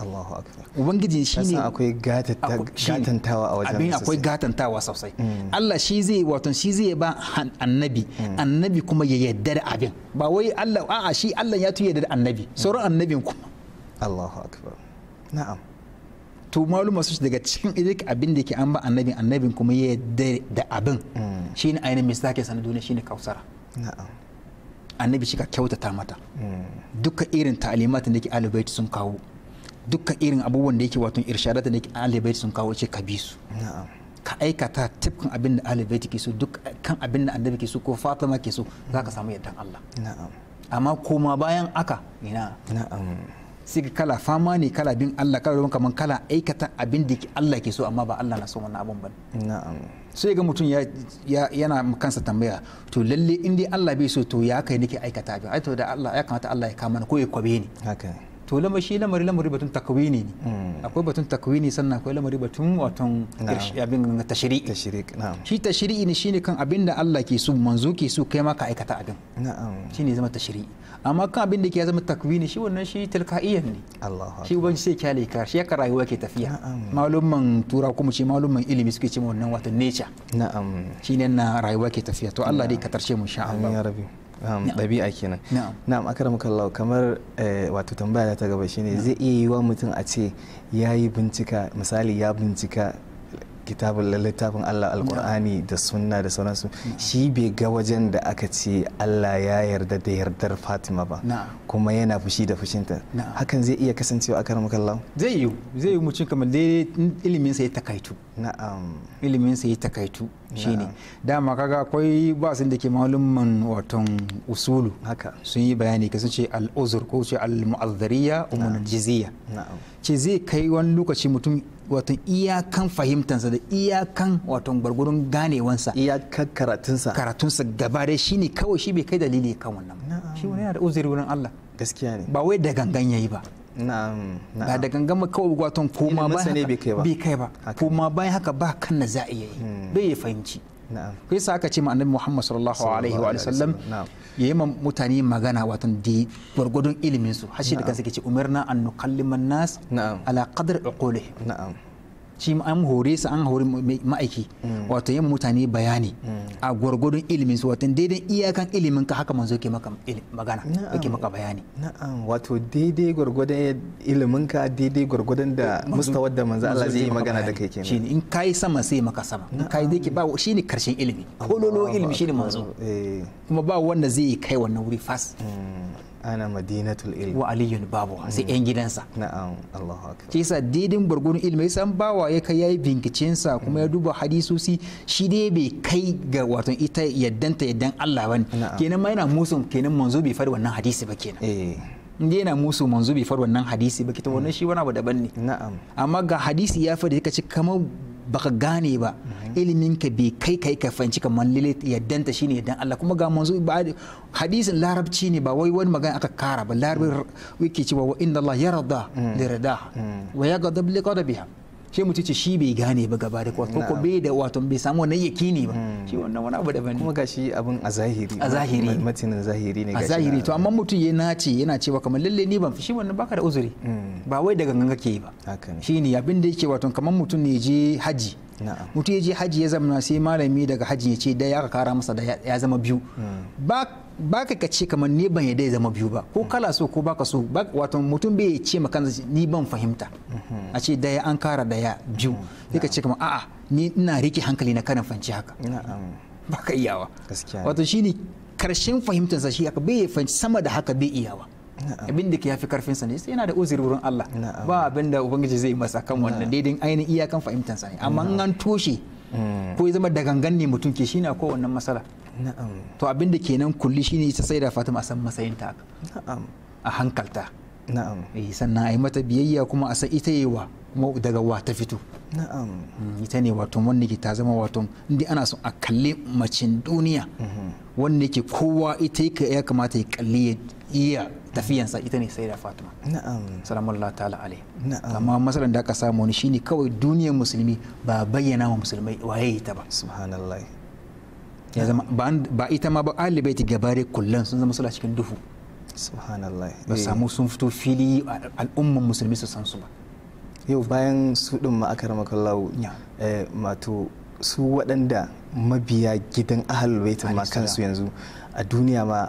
Allahu akbar ubangiji shine akwai gatantawa a wajen abin akwai gatantawa sosai hmm. Allah shi zai wato shi zai ba annabi annabi kuma ya yadda da abin ba wai Allah a'a shi Allah ya tuye da annabi sauran annabin kuma Allahu akbar na'am to maluma su daga cikin irik abin da ke an ba annabin annabin kuma ya yadda da abin mm. shi ne ainihin mista ke sanar duniya shi ne kausara annabi shi ka kyautata mata mm. duka irin ta'alimatin da ke alibaiti sun kawo duka irin abubuwan da yake wato irshadatin da ke alibaiti sun kawo ce ka bi su ka aikata tifkin abin da alibaiti ke so duk kan abin da annabi ke so ko fatima ke so za ka samu yardan allah amma koma bayan aka ina sai ka kala fama ne kala bin Allah kala ruwan kamar kala aikata abin da Allah ke so amma ba Allah na son wannan abin ba na'am sai ga mutum yana kansa tambaya to lalle in dai Allah bai so to ya kai nake aikata abin ai to da Allah ya kamata Allah ya kama ko ya kwabe ni haka to lamar shi lamari lamari batun takwini ne mm. akwai batun takwini sannan akwai lamari batun watan abin tashiri shi tashiri ne shine kan abin da Allah ke so manzo ke so kai ma ka aikata abin shine zama tashiri amma kan abin da ke zama takwini shi wannan shi tilka'iyyan ne shi ubangiji sai kyale ka shi yaka rayuwa ke tafiya malumman tura kuma ce malumman ilimi suke ce wannan wato nature na'am shine na rayuwa ke tafiya to Allah dai ka tarshe mu insha Allah ya rabbi dabi'a kenan na'am akramaka Allah kamar eh, wato tambaya ta gaba shine zai iya yiwa mutum a ce yayi bincika misali ya bincika kitabun littafin Allah alkur'ani da sunna da sauransu shi bai ga wajen da aka ce Allah ya yarda da yardar Fatima ba kuma yana fushi da fushinta hakan zai iya kasancewa a karan zai yi zai yi mutum kamar daidai ilimin sa ya takaitu na'am ilimin sa ya takaitu shine dama kaga akwai ba sun da ke malumman watan usulu haka sun yi bayani kasance al-uzur ko ce al-mu'azzariya jiziyya ce zai kai wani lokaci mutum wato iyakan fahimtansa da iyakan wato gwargwadon ganewansa iyakan karatunsa karatunsa gaba da shi ne kawai shi bai kai dalili kan wannan shi wani yana da uzuri wurin Allah gaskiya ne ba wai da gangan yayi ba na'am ba da gangan kawai wato koma ba bai kai ba koma bayan haka ba kan na za a iya yi hmm. bai ya fahimci na'am kai sa aka ce ma annabi Muhammad sallallahu alaihi wa sallam ya yi mutane magana wato da gwargwadon ilimin su har shi da kansa ke ce umarna an nas ala qadar uqulihim shi an hore su an hore ma'aiki mm. wato yin mutane bayani mm. a gwargwadon ilimin su wato daidai iyakan ilimin ka haka manzo ke maka magana yake maka bayani na'am wato daidai gwargwadon ilimin ka daidai gwargwadon da mustawar da manzo Allah zai yi magana da kai kenan shine in kai sama sai maka sama in kai dai ke ba shine karshen ilimi kololo ilimi shine manzo eh. kuma ba wanda zai kai wannan wuri fas mm. ana madinatul ilm wa aliyun babu sai mm. yan gidansa na'am Allahu akbar shi yasa didin burgun ilmi san bawa ya kai yayi binkicin sa kuma ya mm. duba hadisusi shi dai bai kai ga wato ita yaddanta yaddan Allah bane kenan ma yana musu kenan manzo bai fara wannan hadisi ba kenan eh inda yana musu manzo bai far wannan hadisi ba kita wannan mm. shi wani abu daban ne na'am amma ga hadisi ya fara yaka ci kamar baka gane ba ilimin ka bai kai kai ka fahimci kamar lile yaddanta shine yaddan Allah kuma ga manzo hadisin larabci ne ba wai wani magana aka kara ba larabci wiki cewa wa inna Allah yarda da wa yaghdabu li sai mu ce shi bai gane ba gaba da ko bai da wato bai samu wannan yakini ba hmm. shi wannan wani abu daban kuma gashi abin a zahiri a zahiri matinin zahiri ne a zahiri to amma mutum ya nace yana cewa kamar lalle ni ban shi wannan baka da uzuri hmm. ba wai daga ganga ke ba shi ne abin da yake wato kamar mutum ne je haji mutum ya je haji ya zama sai malami daga haji ya ce da ya kara masa da ya zama biyu hmm. ba ba ka ce kamar ni ban yadda ya zama biyu ba ko hmm. kala so ko baka so wato mutum bai ce maka ni ban fahimta hmm. a ce daya an kara daya biyu hmm. sai ka ce kamar a'a ni ina rike hankali na karin fanci haka ba ka iyawa wato shine karshen fahimtansa shi aka bai fanci sama da haka bai iyawa abin da ke yafi sa ne sai yana da uzuri wurin Allah ba abin da ubangiji zai masa kan wannan daidai ainihin iyakan fahimtansa ne amma an toshe ko ya zama da gangan ne mutum ke shine akwai wannan matsala na'am to abin da kenan kulli shine ita sai da Fatima a san matsayinta na'am a hankalta na'am eh sannan a yi mata biyayya kuma a san ita yewa kuma daga wa ta fito na'am mm, ita ne wato wanda ke ta zama wato inda ana son a kalli macin duniya mhm. wanda ke kowa ita ya kamata ya kalli ya iya tafiyansa ita ne sai da fatima na'am wa ta'ala alai na'am amma masalan da aka samu ne shine kawai duniyar musulmi ba bayyana wa musulmai waye ta ba subhanallah ya zama ba ita ma ba ahli baiti gabare kullum sun zama suna cikin duhu subhanallah ba eh. samu sun fito fili al'umman musulmi su san su ba yau bayan su din ma aka mato eh, su waɗanda mabiya gidan ahal baitin ma kansu yanzu a duniya ma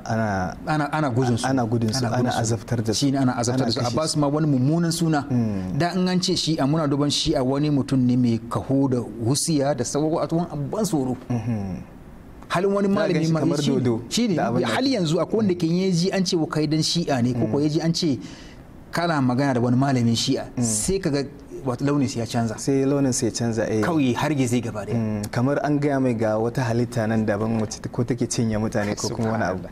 ana ana gudun su ana gudun su ana azabtar da su shine ana azabtar da su a basu ma wani mummunan suna hmm. da in an ce shi a muna duban shi a wani mutum ne mai kaho da husiya da tuwon abban tsoro mhm. halin wani malami ma shi ne hal yanzu a wanda ke yaji an ce kai dan shi'a ne ko ko yaji an ce kana magana da wani malamin shi'a mm. sai kaga wata launin ya canza sai launin ya canza eh kauye har gizi gaba daya mm, kamar an gaya mai ga wata halitta nan daban wacce ko take cinye mutane ko kuma wani abu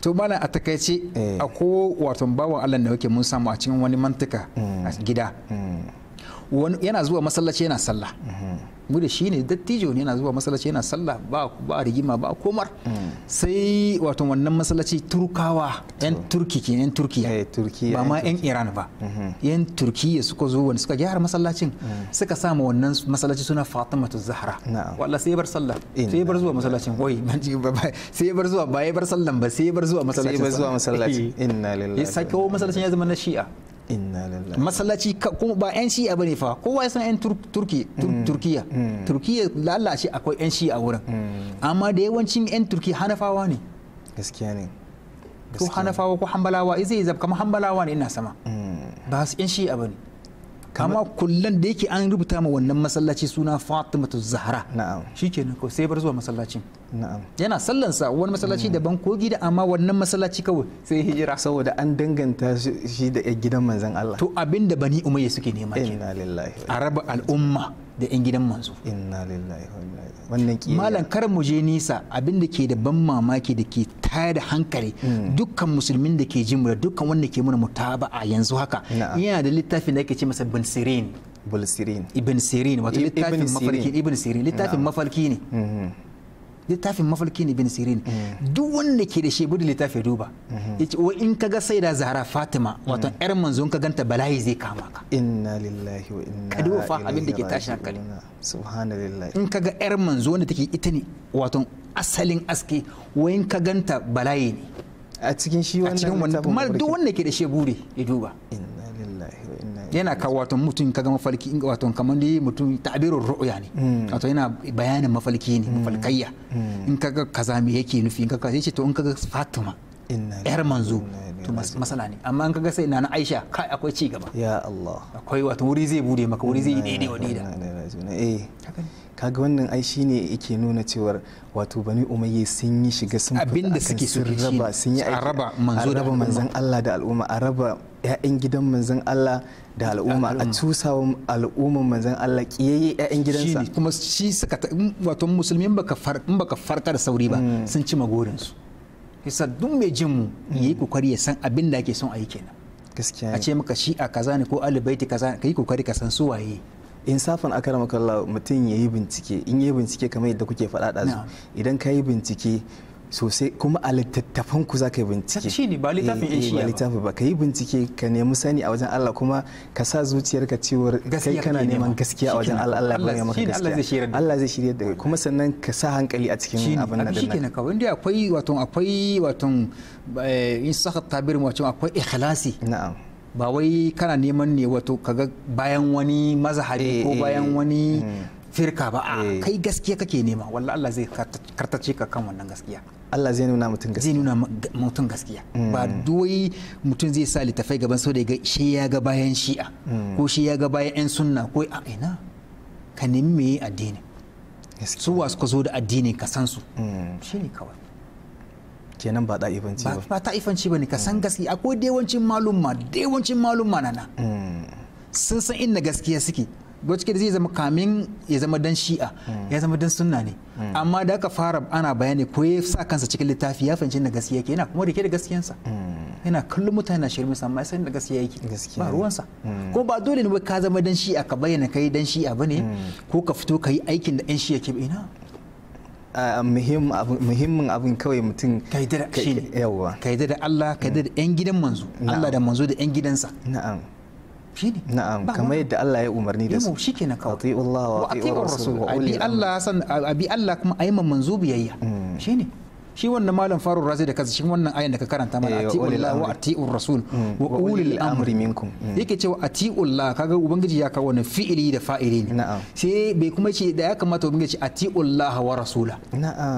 to mana a takaice eh. a ko wato bawan Allah da yake mun samu a cikin wani mantuka mm. a gida yana zuwa masallaci yana sallah mhm. mu da shi ne dattijo ne yana zuwa masallaci yana sallah ba ba rigima ba komar mhm. sai wato wannan masallaci turkawa yan turki ke yan turki eh, ba ma yan iran ba mhm. yan turkiya suka zo wani suka gyara masallacin suka sama wannan masallaci suna fatimatu zahra wallahi sai bar sallah sai bar zuwa masallacin wai ban ba sai bar zuwa ba bar sallan ba sai bar zuwa masallacin sai bar zuwa masallacin eh. inna lillahi sai kawo masallacin ya zama na shi'a masallaci kuma ba yan shi'a bane fa kowa ya san yan mm. turkiya mm. turkiya lalace akwai yan shi'a wurin mm. amma da yawancin yan turki hanafawa ne gaskiya ne ko hanafawa ko hambalawa zai zab kamar hambalawa ne ina sama ba su yan shi'a bane kama kullum da yake an rubuta ma wannan masallaci suna fatimatu zahra shikenan ko sai bar zuwa masallacin yana sallan sa wani masallaci hmm. daban ko gida amma wannan masallaci kawai sai hijira saboda an danganta shi da gidan manzon Allah to abinda bani umayya suke nema kenan a raba al'umma da 'yan gidan manzo inna lillahi wannan kiyaye. malam kar mu je nisa abin da ke da ban mamaki da ke tayar da hankali hmm. dukkan musulmin da ke jin mu da dukkan wanda ke muna a yanzu haka yana da littafin da ake ce masa Ibn sirin ibn sirin wato littafin ibn sirin littafin mafarki ne hmm, hmm. littafin ne bin sirin mm. duk wanda ke da shebu da littafin duba mm-hmm. yace wa in kaga sai da zahara fatima wato yar mm. manzo ka ganta bala'i zai kama ka inna lillahi wa inna ilaihi raji'un kadu fa abin da ke tashi hankali subhanallahi in ka ga yar manzo wanda take ita ne wato asalin aske wa in ka ganta bala'i ne a cikin shi wannan kuma duk wanda ke da shebu ya duba inna yana kawo wato mutum kaga mafarki wato kamar dai mutum ta'birur ru'ya ne hmm. wato yana bayanin mafalki ne hmm. mafalkayya hmm. in kaga kaza me yake nufi in kaga sai ce to in kaga Fatima yar manzo to masala ne amma in kaga sai ina na Aisha kai akwai ci gaba ya Allah akwai wato wuri zai bude maka wuri zai daidai wa daida eh kaga wannan ai shine yake nuna cewar wato bani umayye sun yi shiga sun abinda suke sun raba sun yi raba manzo da manzon Allah da al'umma a raba 'ya'yan gidan manzan Allah da al'umma a tusawa al'umman manzan Allah kiyayye 'ya'yan gidansa kuma shi suka wato musulmi in baka da sauri ba mm. sun ci magorinsu kisa duk mai jin mu mm. yayi kokari ya san abin da ake son a yi kenan gaskiya a ce maka shi a kaza ne ko baiti kaza ka yi kokari ka san su waye insafin aka rama kalla mutum ya yi bincike in yi bincike kamar yadda kuke faɗa ɗazu idan ka yi bincike sosai kuma a littattafan ku zaka yi bincike shi ne ba littafin eh, in shi eh, ba littafin ba ka yi bincike ka nemi sani a wajen Allah kuma ka sa zuciyarka cewar kai kana neman gaskiya a wajen Allah Allah ya maka gaskiya Allah zai shirya da kuma sannan ka sa hankali a cikin abin da shi kenan kawai inda akwai wato akwai wato eh, in saka tabir wato akwai ikhlasi na'am ba wai kana neman ne wato kaga bayan wani mazhabi ko bayan wani firka ba a ah. kai gaskiya kake nema wallahi Allah zai kartace ka kan wannan gaskiya Allah zai nuna mutum gaskiya zai nuna mutum gaskiya mm. ba doyi mutum zai sa littafai gaban sau da ga shi ya ga bayan shi'a mm. ko shi ya ga bayan yan sunna ko a ina ka nemi me addini su wa suka zo da addini ka san su mm. ne kawai kenan ba ta'ifanci ba ba ta'ifanci ba ne ka san gaskiya akwai da malumma da malumma na na sun san inda gaskiya suke da zai zama kamin ya zama dan shi'a ya zama dan sunna ne amma da aka fara ana bayani ko ya sa kansa cikin littafi ya fahimci na gaskiya yake yana kuma da ke da gaskiyansa yana kallon mutane na shirme amma sai da gaskiya yake ba ruwansa hmm. Ko ba dole ne ka zama dan shi'a ka bayyana kai dan shi'a bane hmm. ko ka fito ka yi aikin da yan shi'a ke ina muhimmin abin kawai mutum ka yarda da Allah ka da hmm. yan gidan manzo Allah da manzo da yan gidansa na'am shine na'am kamar yadda Allah ya umarni da su shikenan kawai ati'u Allah wa ati'u Rasul wa Allah san Allah kuma ayi manzo biyayya mm. shine shi wannan malam farun razi da kansa shi wannan ayan da ka karanta mana eh, atiullah wa atiur rasul mm. wa ulil amri minkum mm. yake cewa atiullah kaga ubangiji ya kawo wannan fi'ili da fa'ili ne sai bai kuma ce da ya kamata ubangiji atiullah wa rasula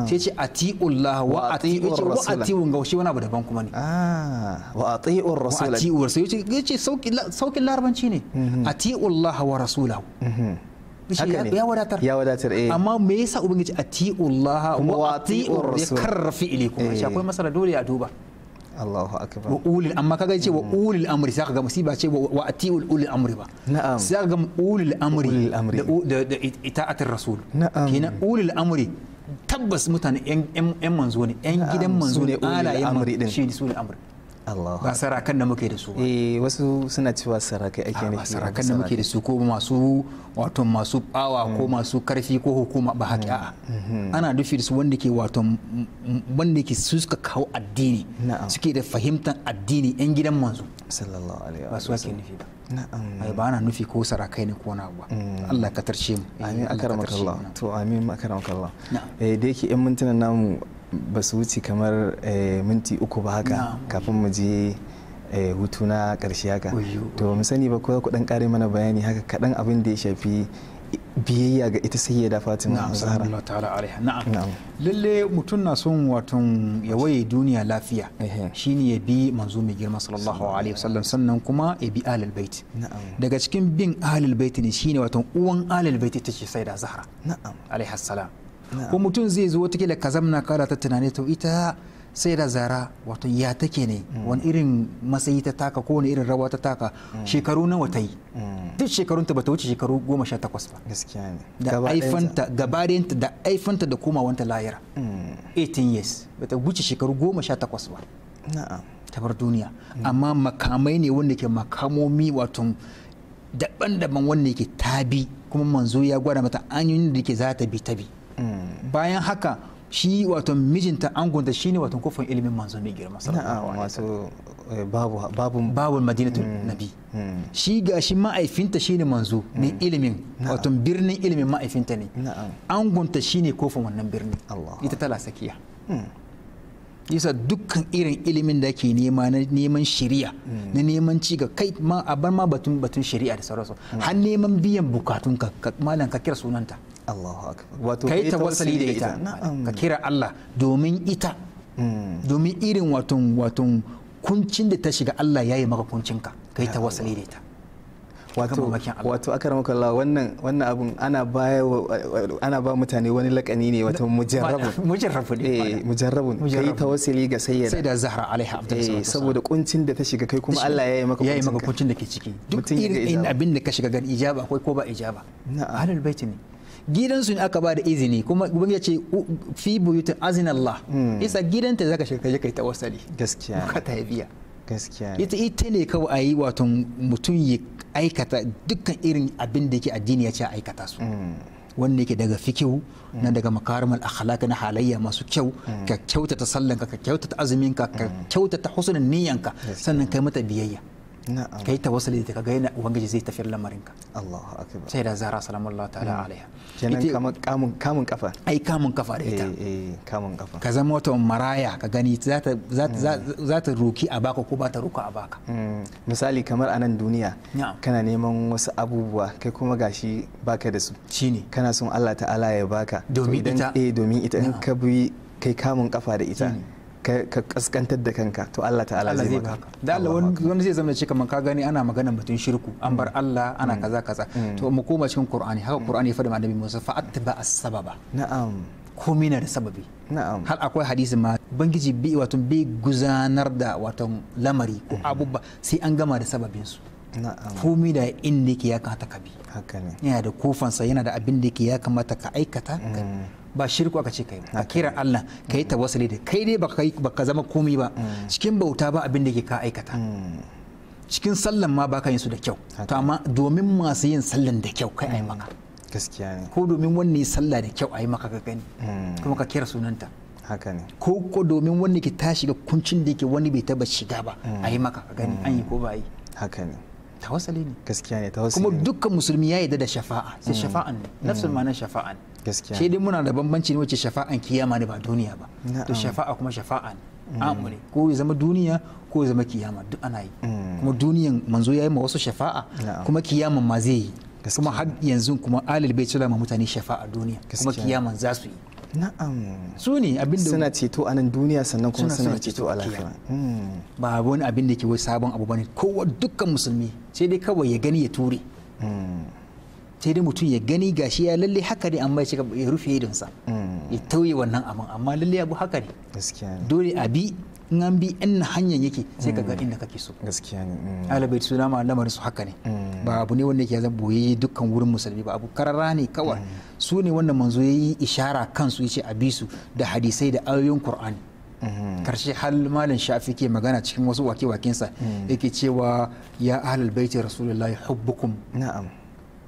sai ce atiullah wa atiur wa atiun ga shi wani abu daban kuma ne ah, wa atiur rasul atiur sai yace saukin larabanci ne mm-hmm. atiullah wa rasulahu mm-hmm. ya wadatar ya wadatar eh amma me yasa ubangiji atiullah wa atiur rasul ya karrafi ilaikum shi akwai eh. masala dole a duba Allahu akbar wa ulil amma kaga mm. ce wa ulil amri sai kaga musiba ce wa atiul ulil amri ba na'am sai kaga ulil amri da da ita'atir rasul kenan ulil amri tabbas mutane yan manzo ne yan gidan manzo ne alayen amri din shi ne sulul amri ba sarakan da muke da su ba eh, wasu suna cewa sarakai ake ne sarakan da muke da su ko masu wato masu bawa ko hmm. masu karfi ko hukuma ba haka hmm. Hmm. ana dufi da su wanda ke wato wanda ke su suka kawo addini suke da fahimtar addini yan gidan manzo sallallahu alaihi ba su ake nufi ba na'am ba ana nufi ko sarakai ne ko na ba Allah ka tarce mu amin akaramakallah to amin akaramakallah eh da yake yan mintunan namu ba su wuce kamar eh, minti uku ba haka kafin mu je eh, hutu na ƙarshe haka to mu sani ba ko ku dan kare mana bayani haka kaɗan abin da ya shafi biyayya ga ita ya fatima zahra na'am lalle mutum na son watan ya waye duniya lafiya shine ya bi manzo mai girma sallallahu alaihi wasallam sannan kuma ya bi alal bait daga cikin bin alal bait ne shine watan uwan alal bait ita ce sayyida zahra na'am alaihi assalam ko mutum zai zo watakila ka zamna kara ta tunani to ita sai da zara wato ya take ne mm. wani irin matsayi ta taka ko wani irin rawa ta taka mm. shekaru nawa ta yi mm. duk shekarun ta bata wuce shekaru goma sha takwas ba da aifanta gabarinta da aifanta da komawanta layira 18 years bata wuce shekaru goma sha takwas ba ta bar duniya amma makamai ne wanda ke makamomi wato daban-daban wanda ke tabi kuma manzo ya gwada mata anyoyin da ke za ta bi ta bi bayan haka shi wato mijinta angonta shine wato kofin ilimin manzo mai girma wato eh, babu babu babu madinatul mm, nabi mm. shi ga shi ma'aifinta shine manzo ne mm. ilimin wato birnin ilimin ma'aifinta ne angonta shine kofin wannan birni ita tala sakiya isa dukkan irin ilimin da ke nema na neman shari'a na neman ci ga kai ma a bar ma batun batun shari'a da sauransu har neman biyan bukatun ka malan ka kira sunanta Allahu akbar wato kai tawassali da ita ka kira Allah domin ita hmm. domin irin wato wato kuncin da ta shiga Allah yayi maka kuncin kuncinka kai tawassali da ita wato wato akaramaka Allah wannan wannan abun ana baya ana ba mutane wani lakani ne wato mujarrabun <laughs> eh, mujarrabun eh mujarrabun kai tawassuli ga sayyida sai zahra alaiha abdullah eh, saboda kuncin da ta shiga kai kuma Allah ya yi maka ya yi maka kuncin da ke ciki duk irin abin da ka shiga gan ijaba akwai ko ba ijaba ahlul bait ne gidansu ne aka ba da izini kuma ubangiji ya ce fi azin Allah hmm. isa gidanta zaka shiga kaje kai tawassali gaskiya ka ta biya gaskiya ita ne kawai ayi wato mutum ya aikata dukkan irin abin da yake addini ya ce aikata su hmm. wanda yake daga fikihu hmm. na daga makarimar akhlaq na halayya masu kyau ka kyautata sallanka ka kyautata azumin ka kyautata husnul niyyanka sannan kai mata biyayya kai tawassuli da ka gaina ubangiji zai tafiyar lamarin ka Allahu akbar sai da zara Allah ta'ala hmm. alaiha kenan kamar kamun kamun kafa ai kamun kafa da ita eh, eh kamun kafa ka zama wata maraya ka gani za ta za ta hmm. roki a baka ko ba ta roka a baka hmm. misali kamar a nan duniya kana neman wasu abubuwa kai kuma gashi baka da su shine kana son Allah ta'ala ya baka domin ita eh domin ita in ka bi kai kamun kafa da ita ka kaskantar da kanka to Allah ta'ala zai maka da Allah wani zai zama ce kamar ka gani ana magana batun shirku an bar mm. Allah ana mm. kaza kaza mm. to mu koma cikin Qur'ani haka Qur'ani ya faɗa annabi Musa fa atba as-sababa na'am komai na da sababi na'am har akwai hadisi ma bangiji bi wato bi guzanar da wato lamari ko abubba sai an gama da sababin su komi da inda yake ya kamata ka bi yana da kofansa yana da abin da yake ya kamata ka aikata ba shirku aka ce kai ba a kira Allah ka yi mm. tawassuli da kai dai baka zama komi ba mm. cikin bauta ba abin da ke ka aikata mm. cikin sallan ma baka yin su da kyau to amma domin masu yin sallan da kyau kai ai maka gaskiya ne ko domin wanne sallah da kyau ai maka ka gani kuma ka kira sunanta haka ne ko ko domin wanne ke tashi ga kuncin da yake wani bai taba shiga ba ai maka ka gani an yi ko ba yi haka ne tawassuli ne gaskiya ne tawassuli kuma dukkan musulmi ya yarda da shafa'a sai shafa'an ne nafsul ma'ana shafa'an gaskiya shi dai muna da bambanci ne wace shafa'an kiyama ne ba duniya ba to shafa'a kuma shafa'an mm. amure ko ya zama duniya ko ya zama kiyama duk ana yi mm. kuma duniyan manzo ya yi ma wasu shafa'a kuma kiyaman ma zai yi kuma har yanzu kuma alil bai cira ma mutane shafa'a duniya kuma kiyaman za su yi na'am su ne abin da suna ceto a nan duniya sannan kuma suna ceto a lafiya mm. ba wani abin da ke wai sabon abu bane kowa dukkan musulmi sai dai kawai ya gani ya ture sai dai mutum ya gani gashi ya lalle haka ne amma ya rufe idonsa mm. ya tauye wannan abin amma lalle abu haka ne dole a bi in an bi in hanyar yake sai ka ga mm. inda kake so gaskiya ne mm. alabai su ma lamarin su haka ne ba abu ne wanda yake ya zama boye dukkan wurin musulmi ba abu karara ne kawai su ne wanda manzo yayi ishara kansu yace a bi su da hadisai da ayoyin qur'ani karshe hal malam shafi ke magana cikin wasu wake-wakensa yake cewa ya ahlul baiti rasulullahi hubbukum na'am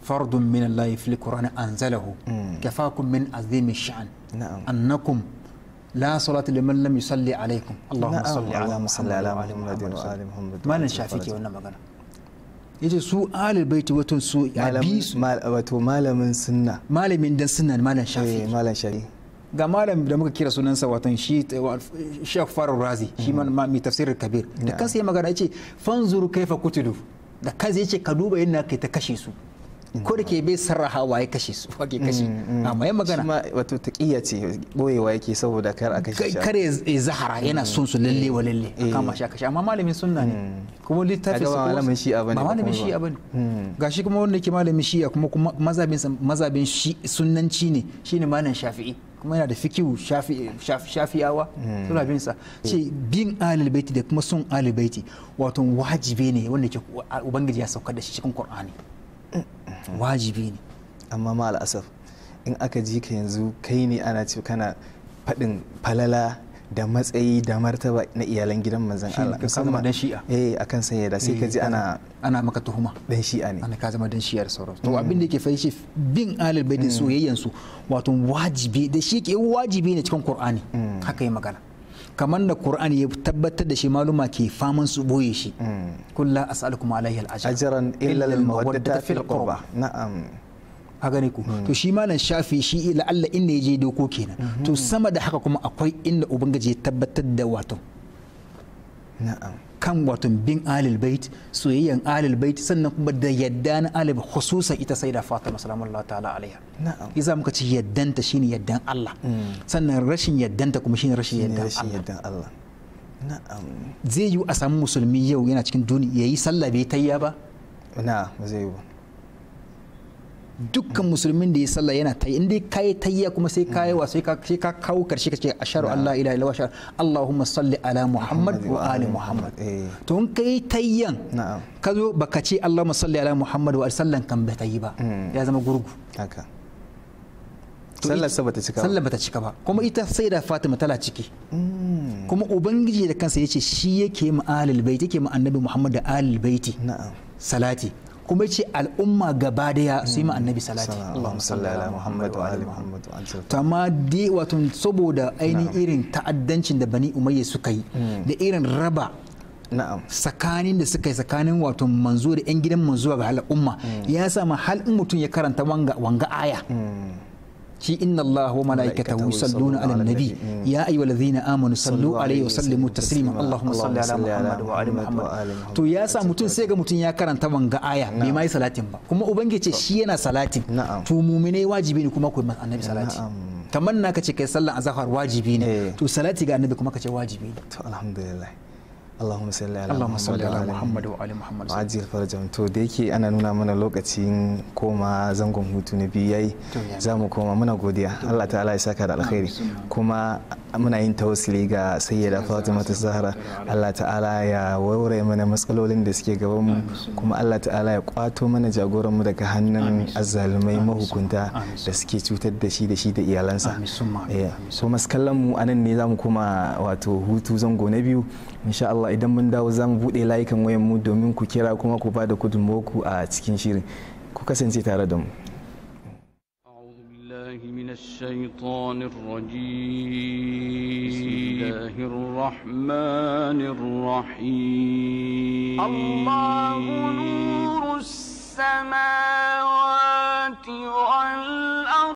fardun min Allah fil Qur'an anzalahu mm. kafakum min azimi sha'an annakum la salata liman lam yusalli alaikum Allahumma salli ala Muhammad wa ali Muhammad malan shafi ke wannan magana yace su alil baiti wato su ya bi su wato malamin sunna malamin dan sunna malan shafi eh, malan shafi ga malam da muka kira sunansa watan shi Sheikh Farul Razi shi man mm. ma mai tafsirin kabir da kansa ya magana yace fanzuru kaifa kutulu da kansa yace ka duba yadda kai ta kashe su Mm. ko da ke bai sarraha waye kashe su ke kashe mm, mm. amma ya magana kuma wato ta kiyya ce boyewa yake saboda kar a kashe shi kare zahara yana son su lalle wa lalle kama shi kashe amma malamin sunna ne kuma littafi su malamin shi abin ba malamin shi abin gashi kuma wanda yake malamin shi kuma kuma mazabin mazabin shi sunnanci ne shine malamin shafi'i kuma yana da fikihu shafi'awa suna bin sa ce bin alil baiti da kuma son alil baiti wato wajibi ne wanda ke ubangiji ya sauka da shi cikin qur'ani wajibi ne amma ma al'asar in aka ji ka yanzu kai ne ana ce kana faɗin falala da matsayi da martaba na iyalan gidan manzan Allah ka zama dan shi'a eh akan sanya da sai ka ji eh, ana ana maka tuhuma dan shi'a ne ana ka zama dan shi'ar sauran to mm. abin da yake fashi bin alil baitin mm. soyayyan su wato wajibi da shi ke wajibi ne cikin qur'ani mm. haka yi magana kamar da Qur'ani ya tabbatar da shi maluma ke faman su boye shi kullu mm. as'alukum alaihi al-ajran illa lil-mawaddati fil qurba na'am a gane ku mm. to shi malam shafi shi allah inda ya je doko kenan mm-hmm. to sama da haka kuma akwai inda ubangiji ya tabbatar da wato na'am kan wato bin alil bait soyayyan alil bait sannan kuma da yadda na alil hususan ita sai da fatima salamullahi ta'ala alaiha iza muka ci yaddanta shine yaddan Allah mm. sannan rashin yaddanta kuma shine rashin yaddan Allah Na'am. zai yi a samu musulmi yau yana cikin duniya yayi sallah bai tayya ba Na'am zai yi dukkan musulmin da ya sallah yana ta in dai kai tayya kuma sai kai wa sai ka sai ka kawo karshe kace asharu Allah ilaha illa wa Allahumma salli ala Muhammad wa ali Muhammad eh. to in kai tayyan ka zo baka ce Allahumma salli ala Muhammad wa sallan kan bai tayi ba hmm. ya zama gurgu haka sallar sa bata cika ba sallar bata cika ba kuma ita sai da Fatima tana ciki hmm. kuma ubangiji da kansa yace shi yake mu alil bait yake mu annabi Muhammad da alil baiti na'am salati kuma ce al'umma gaba daya su yi ma annabi salati to amma di wato saboda ainihin irin ta'addancin da bani umayya suka yi hmm. da irin raba tsakanin da suka yi tsakanin wato manzo da 'yan gidan manzo ga al'umma hmm. ya sami hal'in mutum ya karanta wanga aya hmm. shi inna Allah wa malaikatahu yusalluna ala nabi ya amanu sallu alaihi wa sallimu taslima salli ala Muhammad wa ali Muhammad to ya sa mutum sai ga mutum ya karanta wanga aya bai mai salatin ba kuma ubangiji shi yana salatin to mumine wajibi ne kuma yi annabi salati kamar na kace kai sallan azhar wajibi ne eh. to salati ga annabi kuma kace wajibi ne Allahumma salli ala Allahumma wa ali ajiyar farajan to da yake ana nuna mana lokacin koma zangon hutu na biyu za mu koma muna godiya Allah ta'ala ya saka da alkhairi kuma muna yin tawassuli ga sayyada fatima ta zahara allah ta'ala ya waure mana matsalolin da suke gaban mu kuma allah ta'ala ya kwato mana jagoran mu daga hannun azzalumai mahukunta da suke cutar da shi da shi da iyalansa eh, so maskallan mu anan ne za mu kuma wato hutu zango na biyu insha allah idan mun dawo za mu buɗe layukan wayan mu domin ku kira kuma ku ba da ku a cikin shirin ku kasance tare da mu من الشيطان الرجيم بسم الله الرحمن الرحيم الله نور السماوات والأرض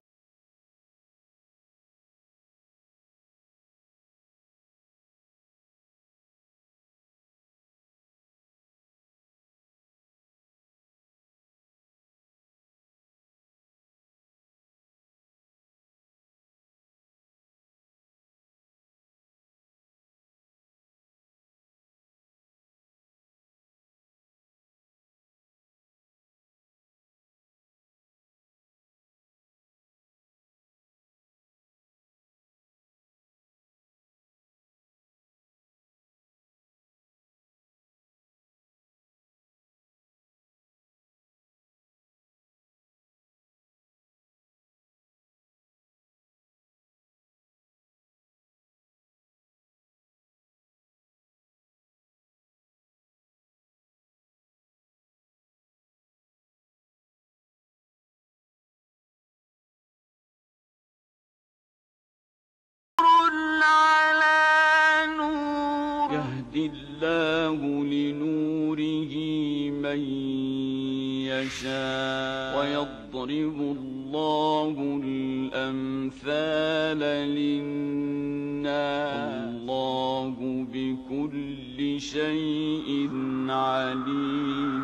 الله لنوره من يشاء ويضرب الله الأمثال للناس الله بكل شيء عليم